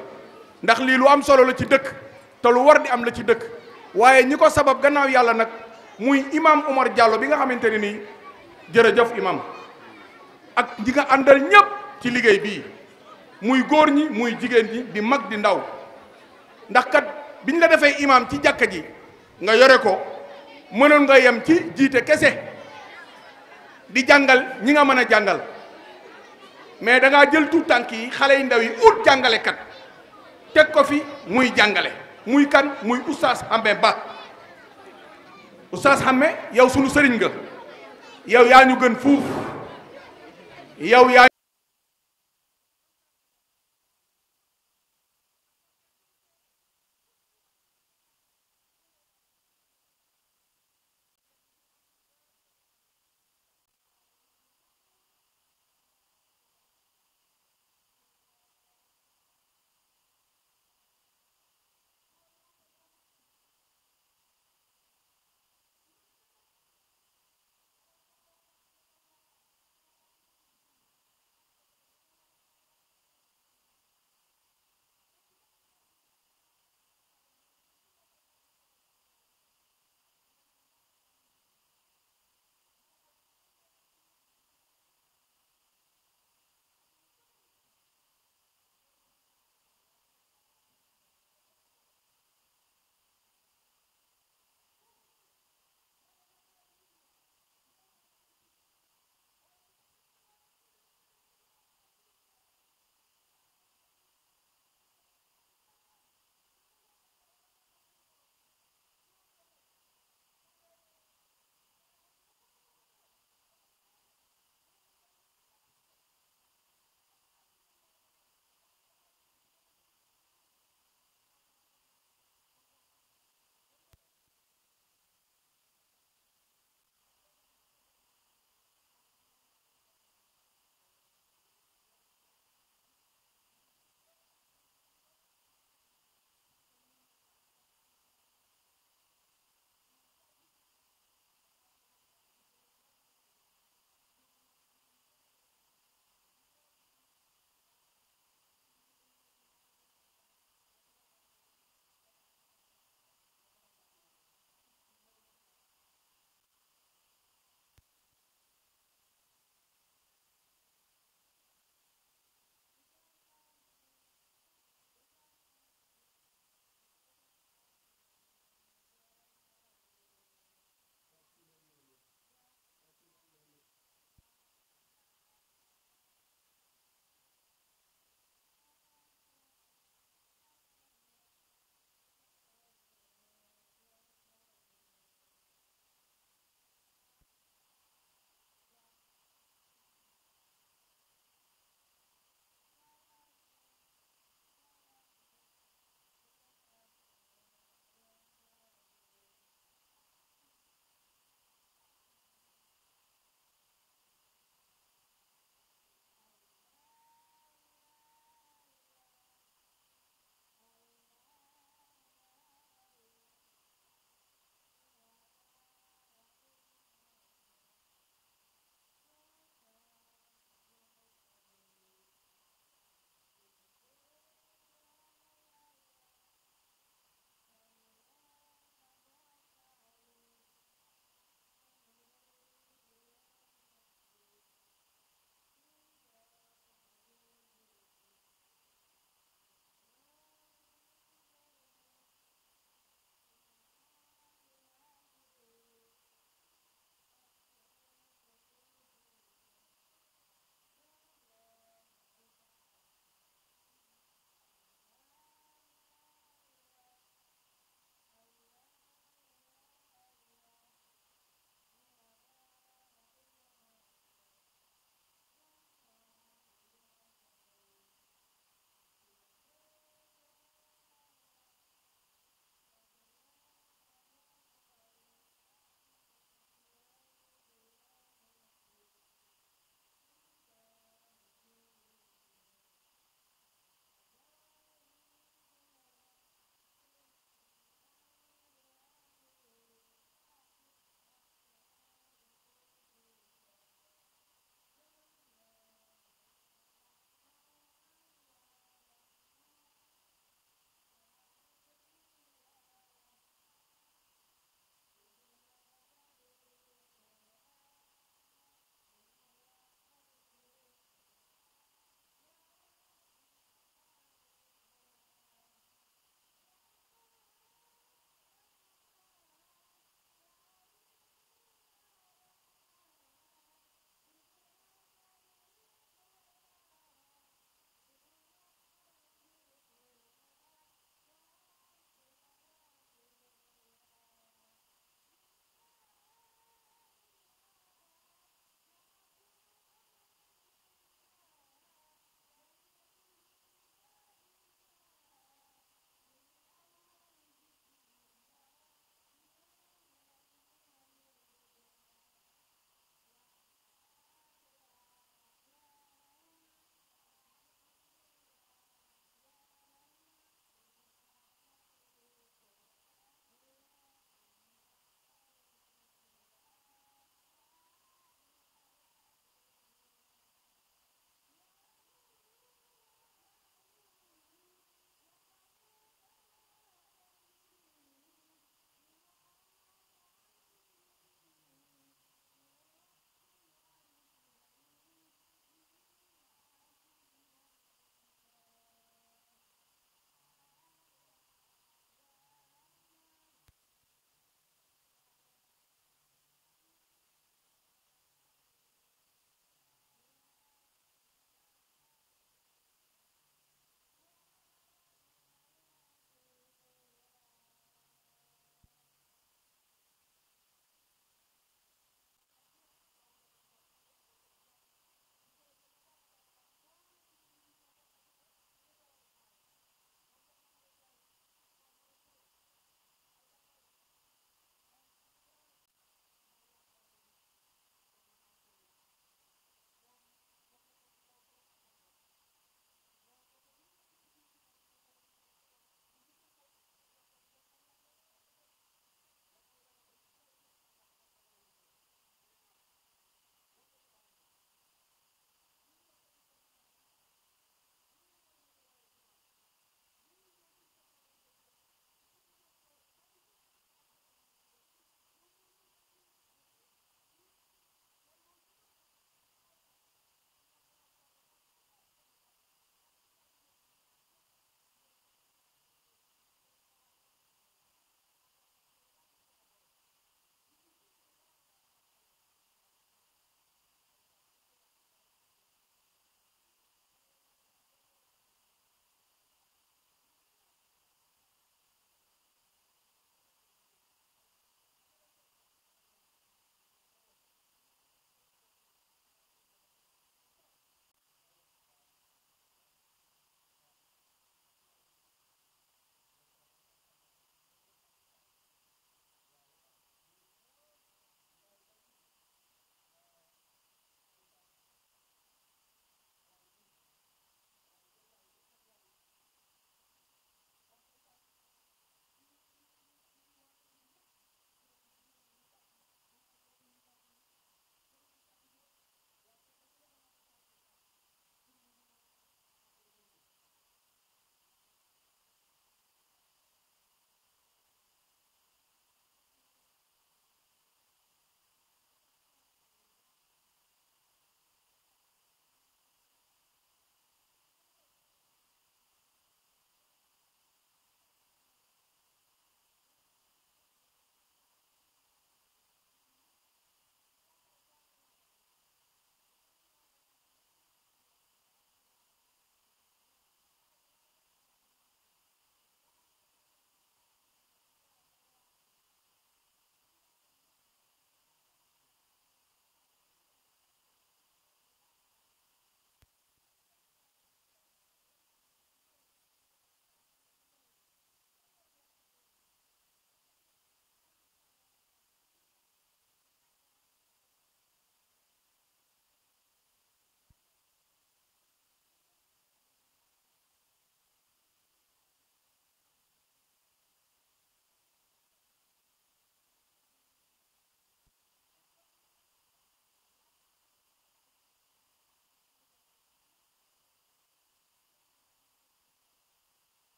ndax lii lu am solo la ci dëkk te lu war di am la ci dëkk waaye ñi ko sabab gannaaw yàlla nag muy imam Omar Diallo bi nga xamante ne nii jërëjëf imam ak ñi nga àndal ñépp ci liggéey bi muy góor ñi muy jigéen ñi di mag di ndaw ndax kat. biñ la defee imaam ci jàkka ji nga yore ko mënoon nga yem ci jiite kese di jàngal ñi nga mën a jàngal mais dangaa ngaa jël tout tànk yi xale yu ndaw yi ut jàngalekat teg ko fi muy jàngale muy kan muy oustaz Xambe Ba oustaz Xambe yow sunu sëriñ nga yow yaa ñu gën fuuf yow yaa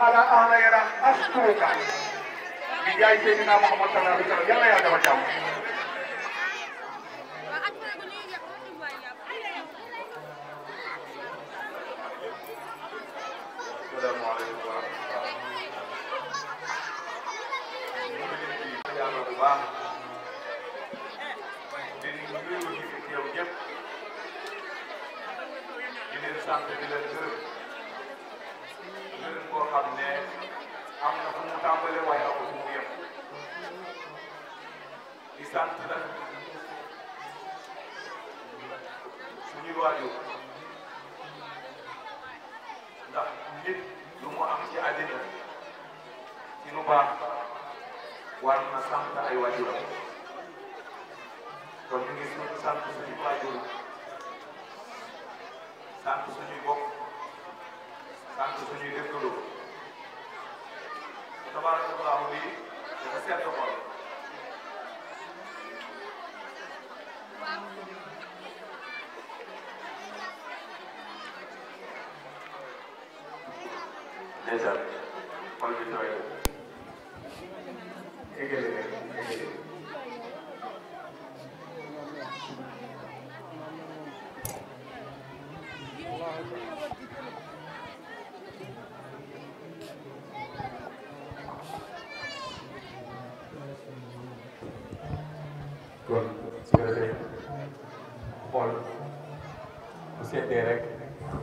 ala ala alayra askuka di jaay Seydina Muhammad sallallahu alaihi wasallam yàlla ada macam Thank you. sant la suñuy waajur ndax nit lu mu am ci àddina ci nu baax war na sant ay waajuram kon ñu ngi sant suñuy waajur sant suñuy bokk sant suñuy dëkkandoo tabaarakallahu bi dafa seet xol 네, 잘. 방금 저희 해결해, 해결해.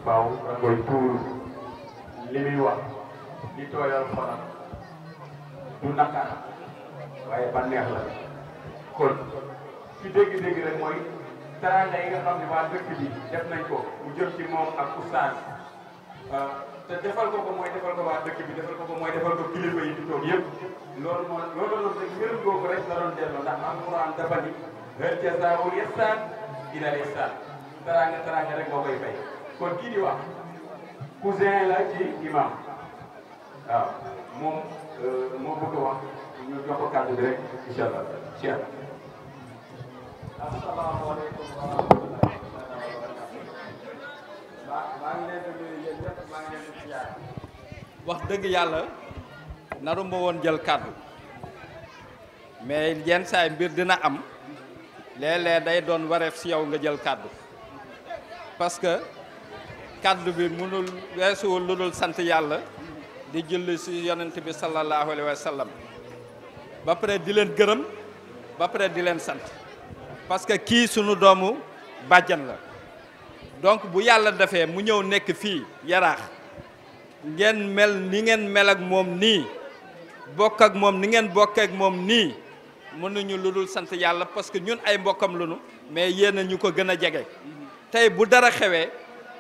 baaw nga koy tuur li muy wax li tooyal xolam du naqar waaye ba neex la kon ci dégg-dégg rek mooy teraanga yi nga xam waa dëkk bi def nañ ko mu jëm ci moom aku oustaz ah, te defal ko ko mooy defal ko waa dëkk bi defal ko ko mooy defal ko kilifa yi di toog yëpp loolu moo loolu la doon ngërëm googu rek la doon delloo ndax alquran dafa ni hal jazaa'ul ihsaan illa rek moo koy fay kon kii di wax cousin la ci imam waaw moom euh, moo bëgg a wax ñu jox kàddu bi rek incha allah wax dëgg yàlla naru woon jël kàddu mais yenn saay mbir dina am léeg day doon wareef si yow nga jël kàddu parce kàddu bi mënul weesuwul lu dul sant yàlla di julli si yonent bi sallallahu alayhi wa sallam ba pare di leen gërëm ba pare di leen sant parce que kii sunu doomu bàjjan la donc bu yàlla defee mu ñëw nekk fii yaraax ngeen mel ni ngeen mel ak moom nii bokk ak moom ni ngeen bokk ak moom nii mënuñu lu dul sant yàlla parce que ñun ay mbokkam nu mais yéen a ñu ko gën a jege tey bu dara xewee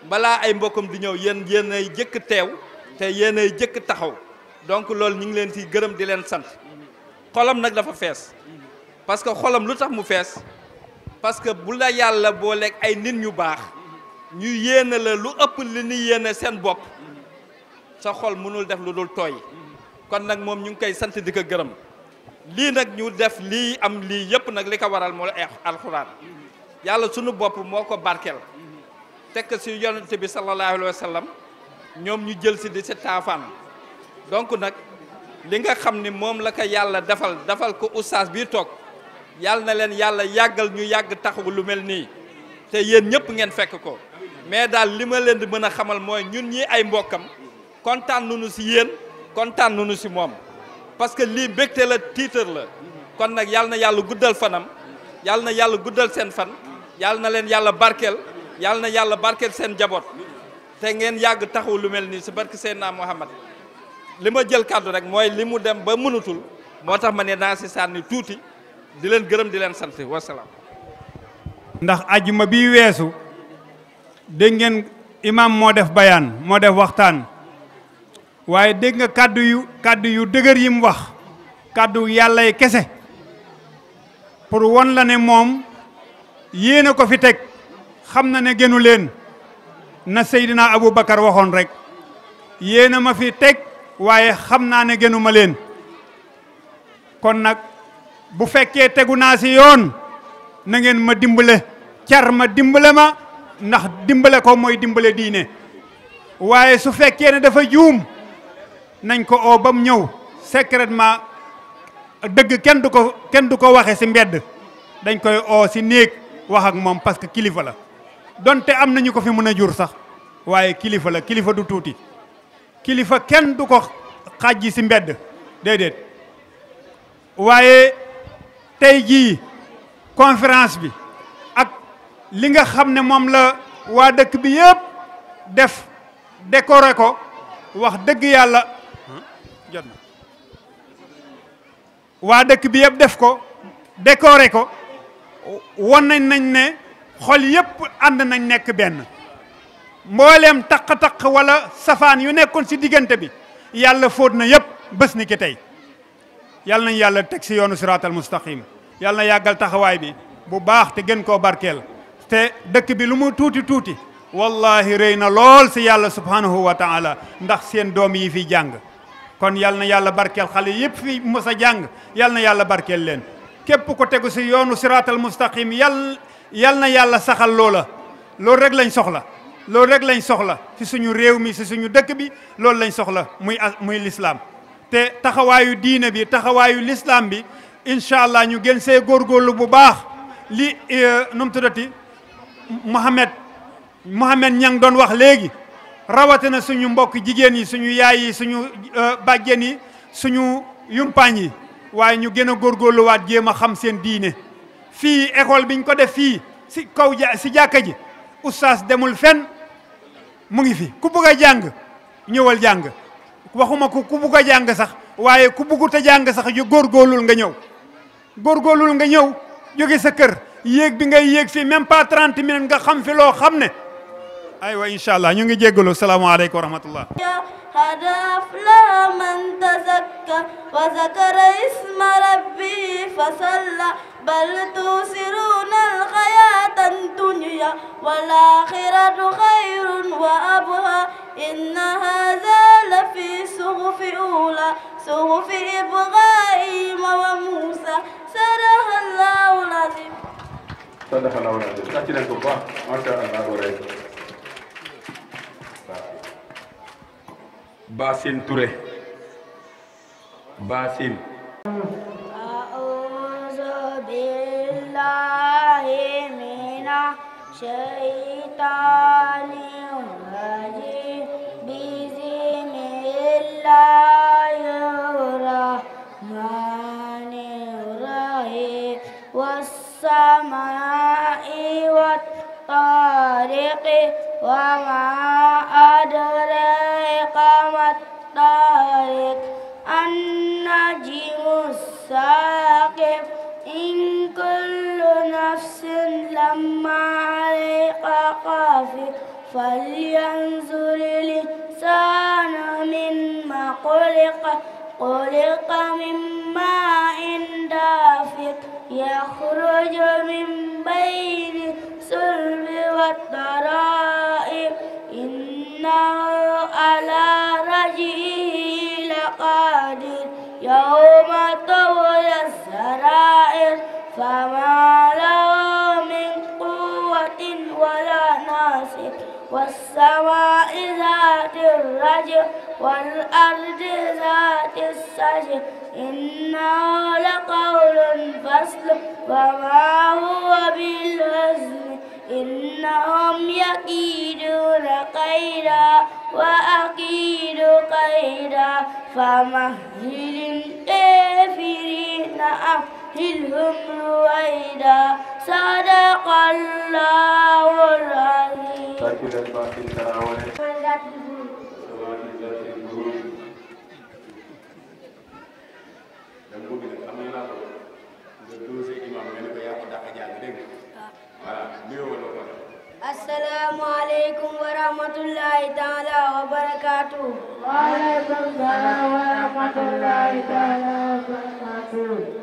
balaa ay mbokkam du ñëw yéen yéen ay jëkk teew te yéen ay jëkk taxaw donc loolu ñu ngi leen ci gërëm di leen sant xolam nag dafa fees parce que xolam lu tax mu fees parce que bu la yàlla boo lekk ay nit ñu baax ñu yéene la lu ëpp li ñu yéene seen bopp sa xol mënul def lu dul tooy kon nag moom ñu ngi koy sant di ko gërëm lii nag ñu def lii am lii yëpp nag li ko waral moo la alxuraan yàlla sunu bopp moo ko barkeel teg si yonent bi sallallahu alayhi wa sallam ñoom ñu jël si di si taafaan donc nag li nga xam ni moom la ko yàlla defal defal ko oustaz bii toog yàlla na leen yàlla yàggal ñu yàgg taxawu lu mel nii te yéen ñëpp ngeen fekk ko mais daal li ma leen di mën a xamal mooy ñun ñi ay mbokkam kontaan nañu si yéen kontaan nañu si moom parce que lii mbégte la tiitar la kon nag yàlla na yàlla guddal fanam yàlla na yàlla guddal seen fan yàlla na leen yàlla barkeel yàlla na yàlla barkeel seen jaboot te ngeen yàgg taxaw lu mel nii si barke seen naa Muhammad li ma jël kàddu rek mooy li mu dem ba mënatul moo tax ma ne naa si sànni tuuti di leen gërëm di leen sant wasalaam. ndax ajuma bi weesu dégg ngeen imaam moo def bayaan moo def waxtaan waaye dégg nga kàddu yu kàddu yu dëgër yi mu wax kàddu yàllay kese pour won la ne moom yéene ko fi teg. xam na ne génu leen na Seydina Aboubacar waxoon rek yéen a ma fi teg waaye xam naa ne gënu ma leen kon nag bu fekkee tegu naa si yoon na ngeen ma dimbale car ma dimbale ma ndax dimbale ko mooy dimbale diine waaye su fekkee ne dafa juum nañ ko oo bam ñëw secrètement dëgg kenn du ko kenn du ko waxe si mbedd dañ koy oo si néeg wax ak moom parce que kilifa la donte am nañu ko fi mën a jur sax waaye kilifa la kilifa du tuuti kilifa kenn du ko xaaj ji si mbedd déedéet waaye tey jii conférence bi ak li nga xam ne moom la waa dëkk bi yëpp def décoré ko wax dëgg yàlla jot waa dëkk bi yëpp def ko décoré ko won nañ nañ ne xol yépp ànd nañ nekk benn mbooleem taq-taq wala safaan yu nekkoon ci diggante bi yàlla fóot na yépp bés ni ki tey yàlla nañ yàlla teg ci yoonu siraatal mustaqim yàlla na yàggal taxawaay bi bu baax te gën koo barkeel te dëkk bi lu mu tuuti tuuti wallahi rëy na lool ci yàlla subhanahu wa taala ndax seen doom yi fi jàng kon yàlla na yàlla barkeel xale yépp fi mos a jàng yàlla na yàlla barkeel leen képp ko tegu ci yoonu siraatal mustaqim yàlla yal na yàlla saxal loola loolu rek lañ soxla loolu rek lañ soxla ci suñu réew mi ci suñu dëkk bi loolu lañ soxla muy muy lislaam te taxawaayu diine bi taxawaayu lislaam bi incha allah ñu gën see góor góorlu bu baax li eh, nu mu tuddati Mohamed Mohamed ñang doon wax léegi rawatina suñu mbokk jigéen yi suñu yaay yi suñu eh, bàjjen yi suñu yumpaañ yi waaye ñu gën a góorluwaat jéem a xam seen diine. Fi école bin ko fi si kaw si jàkka ji oustaz demul fen mu ngi fi ku bugg jang jàng ñëwal jang waxuma ko ku bugg jang jàng sax waaye ku buggut a yo sax yu góorgóorlul nga ñëw golul nga ñëw jóge sa kër yek bi ngay yek fi même pas 30 minutes nga xam fi loo xam ne ñu ngi jéggalu rahmatullah ya بل توسرون الحياة الدنيا والآخرة خير وأبهى إن هذا لفي صحف أولى صحف إبراهيم وموسى صدق الله العظيم صدق الله العظيم لكن الله ما شاء الله باسين توري باسين بالله من الشيطان الرجيم بسم الله الرحمن والسماء والطارق وما أدريك ما الطارق النجم الساقط إن كل نفس لما عليها قافي فلينظر الإنسان مما خلق خلق من ماء دافق يخرج من بين صلب والترائب إنه على رجعه لقادر يوم طوي السرائر فما له من قوة ولا ناصر والسماء ذات الرجع والأرض ذات السجع إنه لقول فصل وما هو بالهزم إنهم يكيدون كيدا وأكيد كيدا فمهل الكافرين أهلهم رويدا صدق الله العظيم asalaamaaleykum wa rahmatulahi taala wa barakaatu. waaleykum salaam wa rahmatulahi taala wa barakaatu.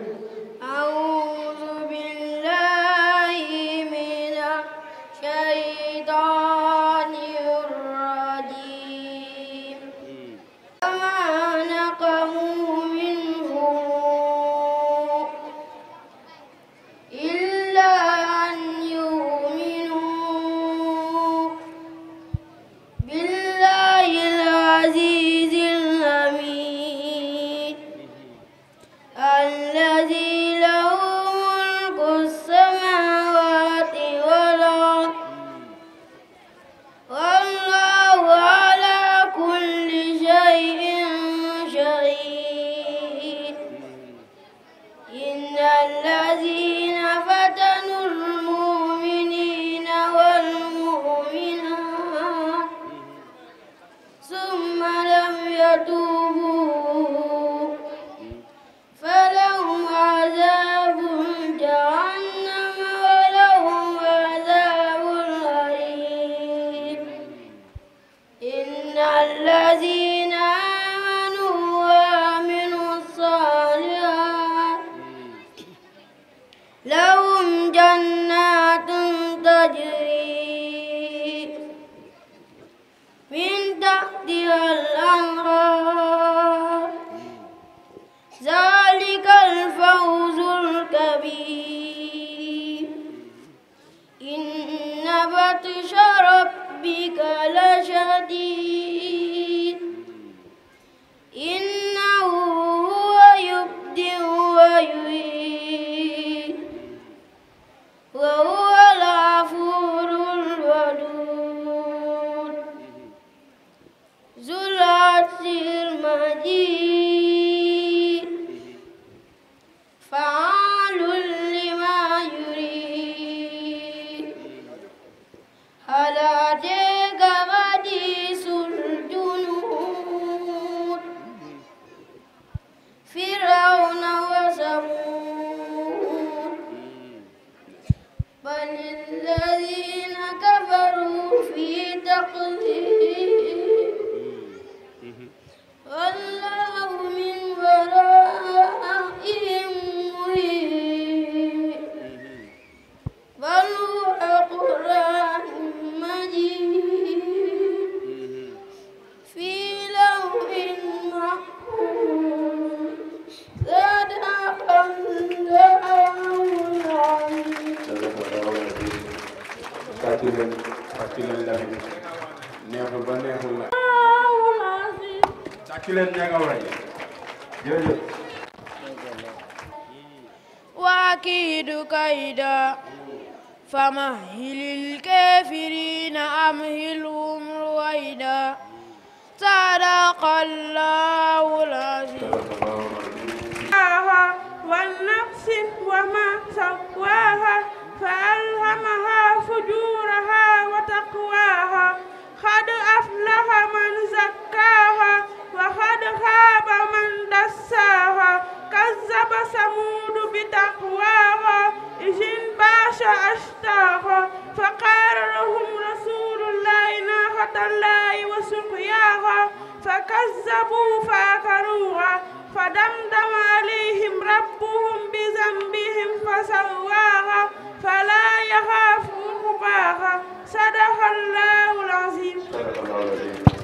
كذب ثمود بتقواها إذ انباش أشتاها فقال لهم رسول الله ناقة الله وسقياها فكذبوا فأكلوها فدمدم عليهم ربهم بذنبهم فسواها فلا يخاف عقباها صدق الله العظيم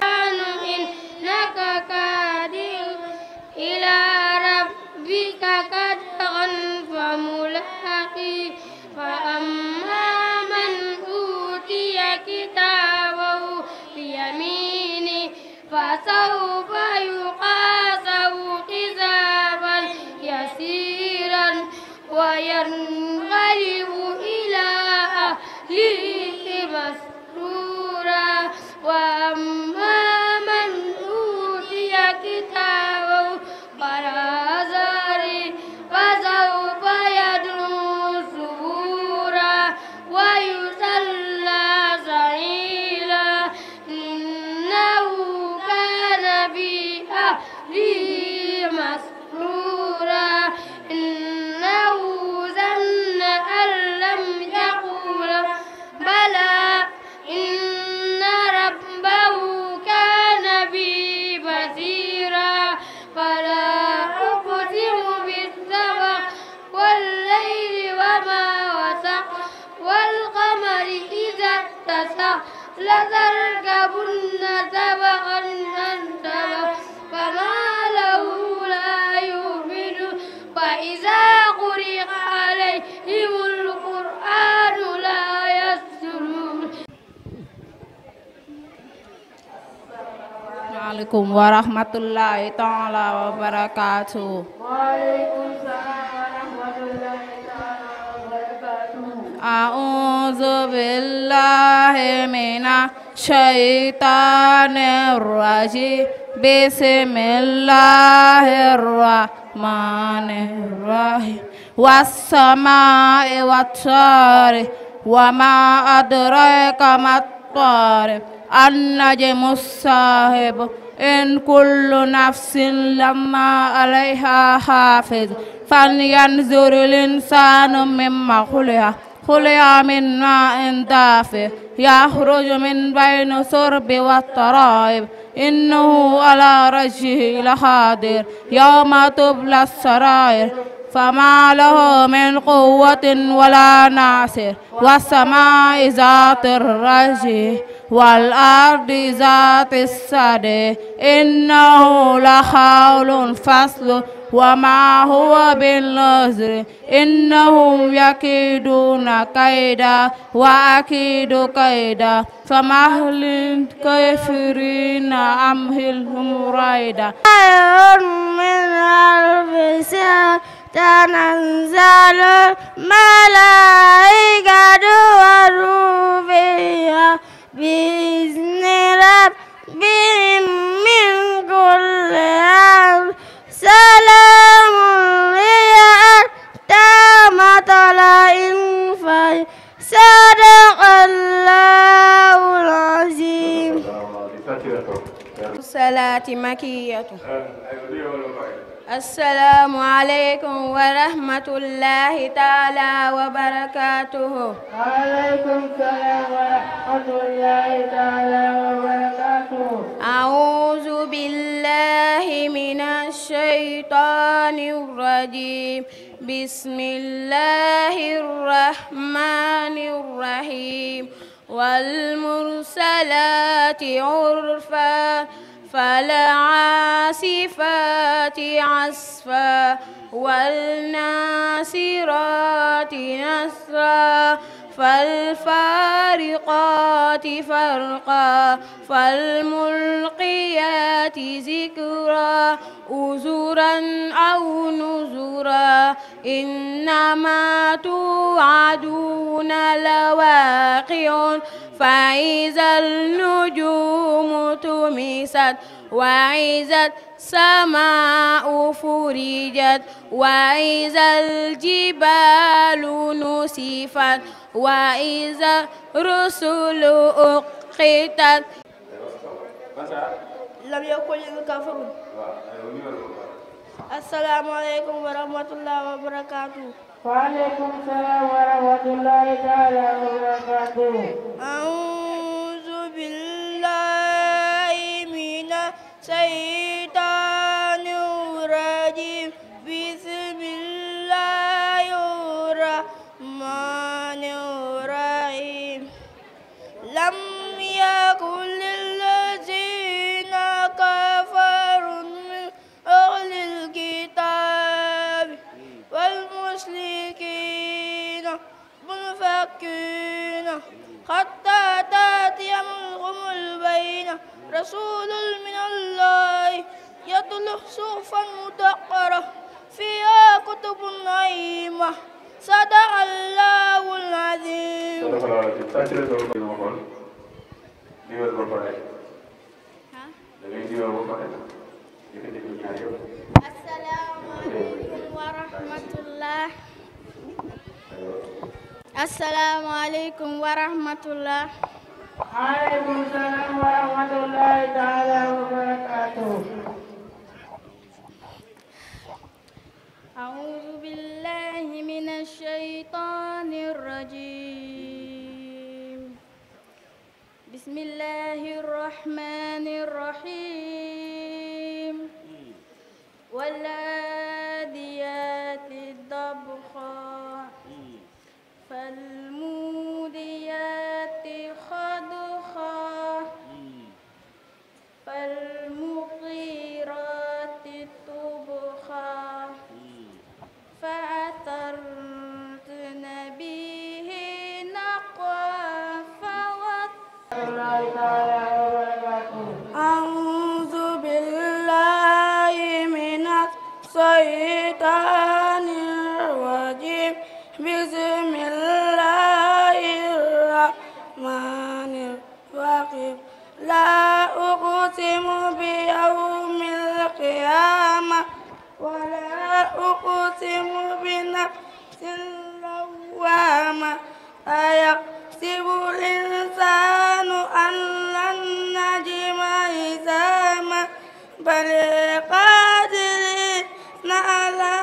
إنك كادر إلى ربك كدرا فملاقيه فأما aleykum wa rahmatullahi taala wa barakaatu. waaleykum salaam wa rahmatullahi taala wa barakaatu. a'uuzu billahi mina shaytaani rajiim. bismillahi rahmaani rahiim. wassamaa'i wat-taariq. wa maa adraaka mat-taariq. an-najmu as-saahib إن كل نفس لما عليها حافظ فلينظر الإنسان مما خلق خلق من ماء دافئ يخرج من بين صرب والترائب إنه على رجه لحاضر يوم تبلى السرائر فما له من قوة ولا ناصر والسماء ذات الرجه والأرض ذات السد إنه لخول فصل وما هو بالنظر إنهم يكيدون كيدا وأكيد كيدا فمهل كافرين أمهلهم ريدا خير من ألف تنزل الملائكة والروح فيها بإذن ربهم من كل أمر سلام هي حتى مطلع الفجر صدق الله العظيم الصلاة مكية السلام عليكم الله تعالى وبركاته عليكم السلام ورحمة الله تعالى وبركاته أعوذ بالله من الشيطان الرجيم بسم الله الرحمن الرحيم والمرسلات عرفاً فالعاصفات عصفا والناصرات نصرا فالفارقات فرقا فالملقيات ذكرا أزرا أو نزرا إنما توعدون لواقع فإذا النجوم تمست وإذا السماء فرجت وإذا الجبال نسفت وإذا الرسل أقتت لم يكن الكافرون السلام عليكم ورحمة الله وبركاته وعليكم السلام ورحمة الله تعالى وبركاته أعوذ بالله من الشيطان الرجيم بسم الله سكينة حتى تأتيهم البين رسول من الله يطلع صوفا مدقرة فيها كتب نعيمة صدق الله العظيم السلام عليكم ورحمة الله أيوة. السلام عليكم ورحمة الله عليكم السلام ورحمة الله تعالى وبركاته أعوذ بالله من الشيطان الرجيم بسم الله الرحمن الرحيم والذيات الضبخات فالموديات خدخا فالمغيرات طبخا فأثرتن به نقوى فوتر أقسم بيوم القيامة ولا أقسم بنفس اللوامة أيحسب الإنسان أن لن نجم عزاما بل قادرين على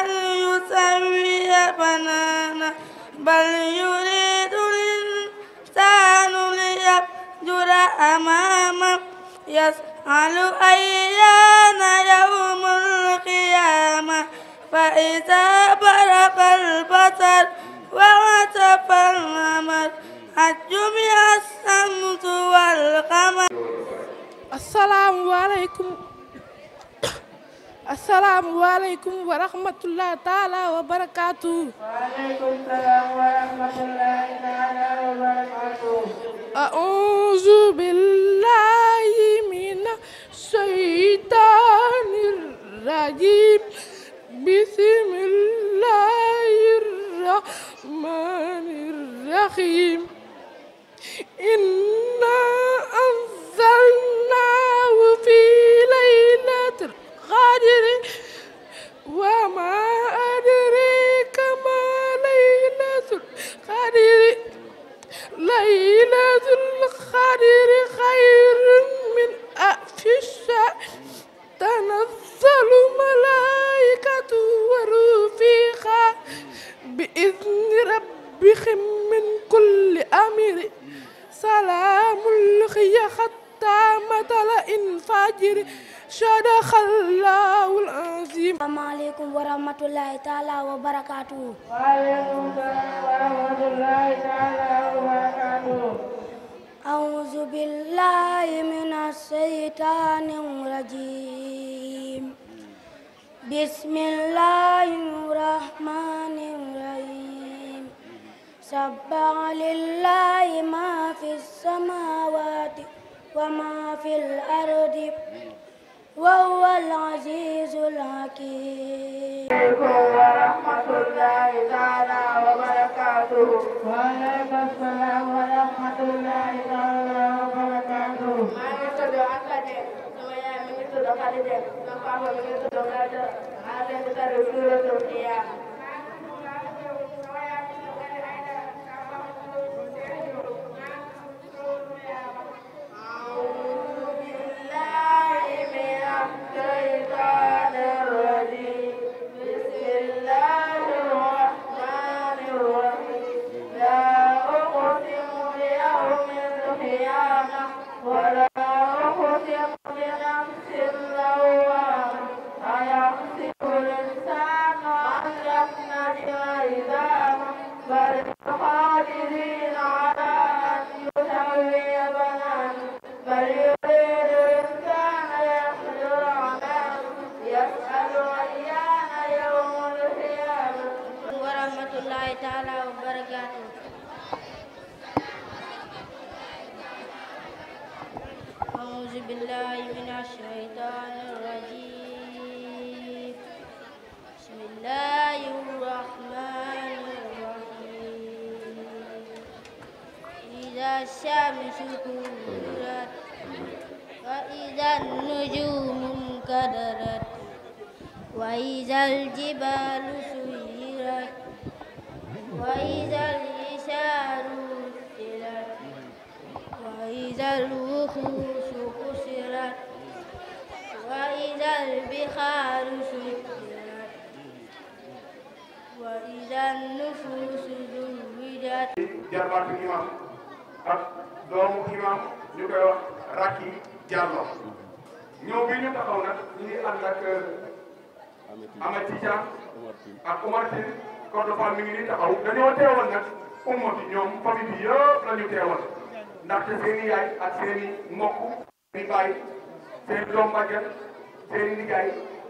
أن يسوي بنانا بل يريد الإنسان ليفجر أمامه يسأل أيان يوم القيامة فإذا برق البصر وعتف القمر الجمع الشمس والقمر السلام عليكم asalaamualeykum wa rahmatulah taala wa barakaatu. waaleykum salaam wa rahmatulah taala wa barakaatu. a'uuzu billaahi الشيطان الرجيم بسم الله الرحمن الرحيم إنا أنزلناه في ليلة القدر وما أدريك ما ليلة القدر ليلة القدر خير في الشأن تنزل ملائكة وروفيها بإذن ربهم من كل أمر سلام هي حتى مطلع الفجر صدق الله العظيم السلام عليكم ورحمة الله تعالى وبركاته وعليكم السلام ورحمة الله تعالى وبركاته أعوذ بالله من الشيطان الرجيم بسم الله الرحمن الرحيم سبح لله ما في السماوات وما في الأرض وهو العزيز الحكيم ورحمة الله تعالى وبركاته وعليكم السلام ورحمة الله تعالى وبركاته maa ngi tudd Akadé sama yaay mi ngi tudd Xadija sama papa mi ngi tudd Gada maa ngi leen di tari suuratul Qiyaama الشمس كورت وإذا النجوم انكدرت وإذا الجبال سيرت وإذا العشار عطلت وإذا الوحوش كسرت وإذا البخار سكرت وإذا النفوس زوجت ak doomu imam ñu koy wax Racky Diallo ñëw bi ñu taxaw nag ñu ngi ànd ak euh, Amady Dia ak Oumar Tine Cordofan mi ngi nii taxaw dañoo teewal nag umma bi ñoom famille bi yëpp la ñu teewal ndaxte seen i yaay ak seen i mbokk seen i baay seen i doom bàjjen seen i nijaay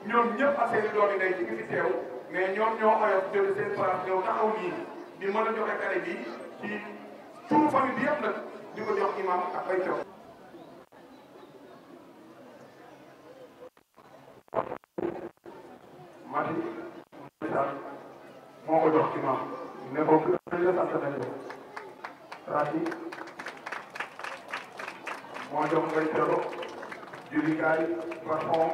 ñoom ñëpp ak seen i doomi ndey ñu ngi fi teew mais ñoom ñoo oyof jël seen place ñëw taxaw nii di mën a joxe kare bi ci suñu famille bi yëpp nag di ko ak ay coow. Madi moo ko jox imam ne ko gën la sant nañ la Rati moo jox ngay coro jullikaay parfum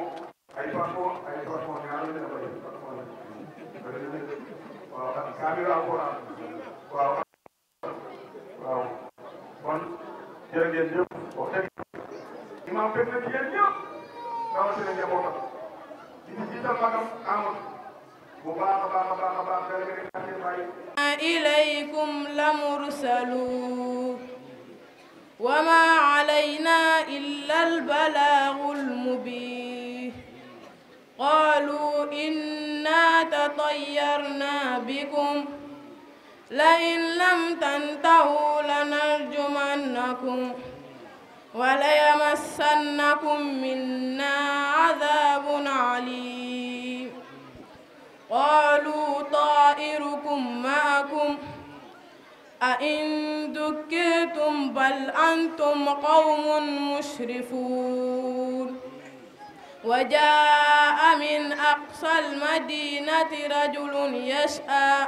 ay parfum ay parfum ñaar la ne la koy parfum waaw kaamil alquran waaw إليكم لمرسلوا وما علينا إلا البلاغ المبين قالوا إنا تطيرنا بكم لئن لم تنتهوا لنرجمنكم وليمسنكم منا عذاب عليم قالوا طائركم معكم أئن ذكرتم بل أنتم قوم مشرفون وجاء من أقصى المدينة رجل يشأ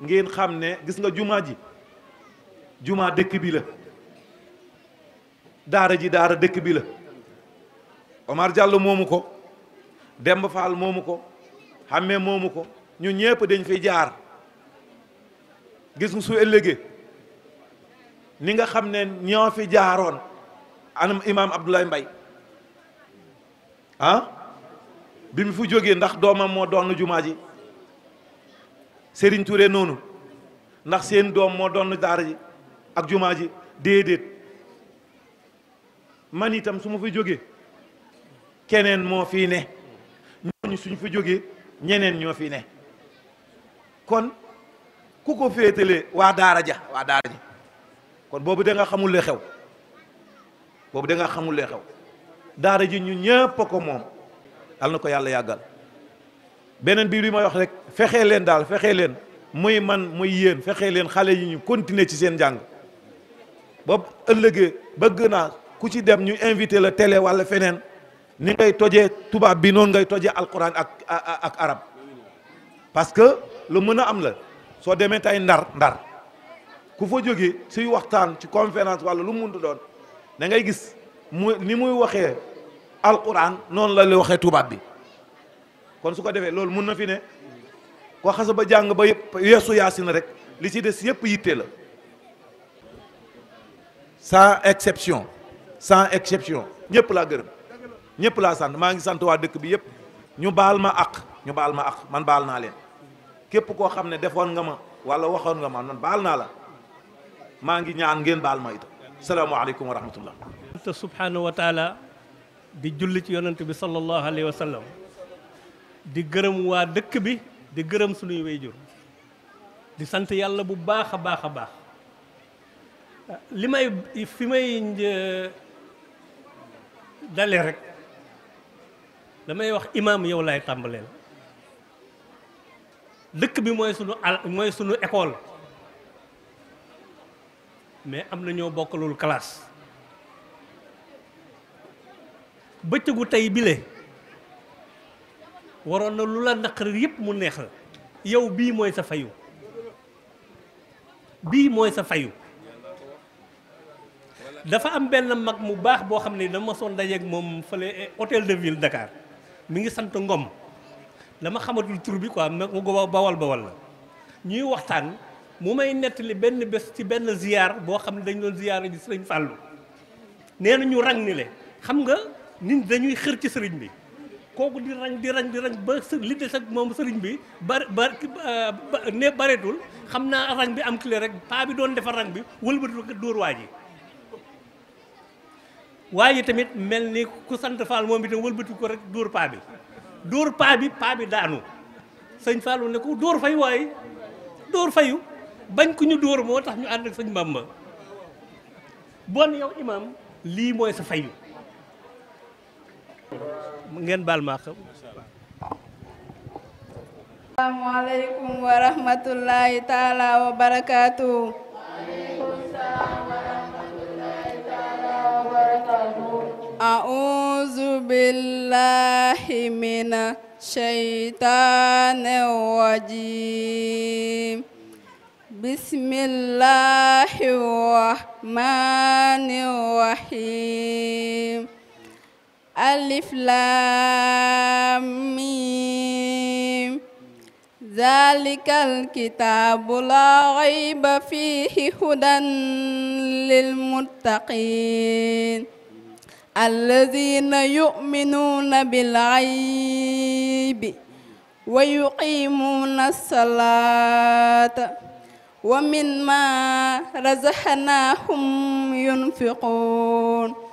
ngeen xamne gis nga juma ji juma dekk bi la daara ji daara dekk bi la Omar Diallo momuko ko Demba Fall momuko ko momuko ko ñun ñepp dañ fi jaar gis nga su ëllëgee ni nga xamne ñoo fi jaaroon anam imam Abdoulaye mbay ah bimu fu jógee ndax domam mo doon juma ji Serigne Touré noonu ndax seen doom moo doon daara ji ak jumaa ji déedéet man itam su ma fi jógee keneen moo fii ne ñooñu suñ fi jógee ñeneen ñoo fii ne kon ku ko féetalee waa daara ja waa daara ji kon boobu danga nga le xew boobu danga nga le xew daara ji ñu ñëpp ko moom al na ko yàlla yàggal benen bi li may wax rek fexé len dal fexé len muy man muy yéen fexé len xale yi ñu continuer ci seen jang ba ëllëgé bëgg naa ku ci dem ñu inviter la télé wala fenen ni ngay tojé tuba bi non ngay tojé alcorane ak ak arab parce que lu mëna am la so démé tay ndar ndar ku fa joggé suy waxtaan ci conférence wala lu mënd doon da ngay gis ni muy waxé alcorane non la li waxé tuba bi kon suko defé lolou mën na fi né ko xassa ba jang ba yépp yesu yasin rek li ci dess yépp yité la sans exception sans exception ñepp la gërëm ñepp la sant ma ngi sant wa dëkk bi yépp ñu baal ma ak ñu baal ma ak man baal na leen képp ko xamné defoon nga ma wala waxoon nga ma man baal na la ma ngi ñaan ngeen baal ma assalamu alaykum wa rahmatullah subhanahu wa taala di julli ci yonent bi sallallahu alayhi wa sallam di gërëm waa dëkk bi di gërëm suñuy wayjur di sant yàlla bu baax a baax a baax li may fi may dale rek damay wax imaam yow lay tàmbaleel dëkk bi mooy sunu al mooy sunu école mais am na ñoo bokkalul classe bëccëgu tey bile waroon na lu la naqari yëpp mu neex la yow bii mooy sa fayu bii mooy sa fayu dafa am benn mag mu baax boo xam ne dama son dajeek moom fële hôtel de ville Dakar mi ngi sant Ngom dama xamatul tur bi quoi ma ko bawal bawal la ñuy waxtaan mu may nettali benn bés ci benn ziyaar boo xam ne dañ doon ziyaar ji sëriñ Fàllu nee na ñu rang ni le xam nga nit dañuy xër ci sëriñ bi kooku di rañ di rañ di rañ ba li des ak moom sëriñ bi bari bari ne bareetul xam naa rañ bi am clé rek paa bi doon defar rang bi wëlbatu dóor waa tamit mel ni ku moom itam wëlbatu ko rek dóor paa bi dóor paa bi paa bi daanu sëñ Fallu ne ko dóor fay waaye dóor fayu bañ ku ñu dóor moo tax ñu ànd ak sëñ Bamba bon yow imam lii mooy sa fayu ngeen baal ma xam. asalaamaaleykum wa rahmatullahi taala wa barakaatu. أعوذ بالله من الشيطان الرجيم بسم الله الرحمن الرحيم ألف لام ميم ذلك الكتاب لا غيب فيه هدى للمتقين الذين يؤمنون بالغيب ويقيمون الصلاة ومما رزقناهم ينفقون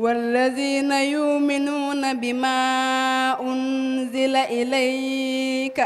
والذين يؤمنون بما أنزل إليك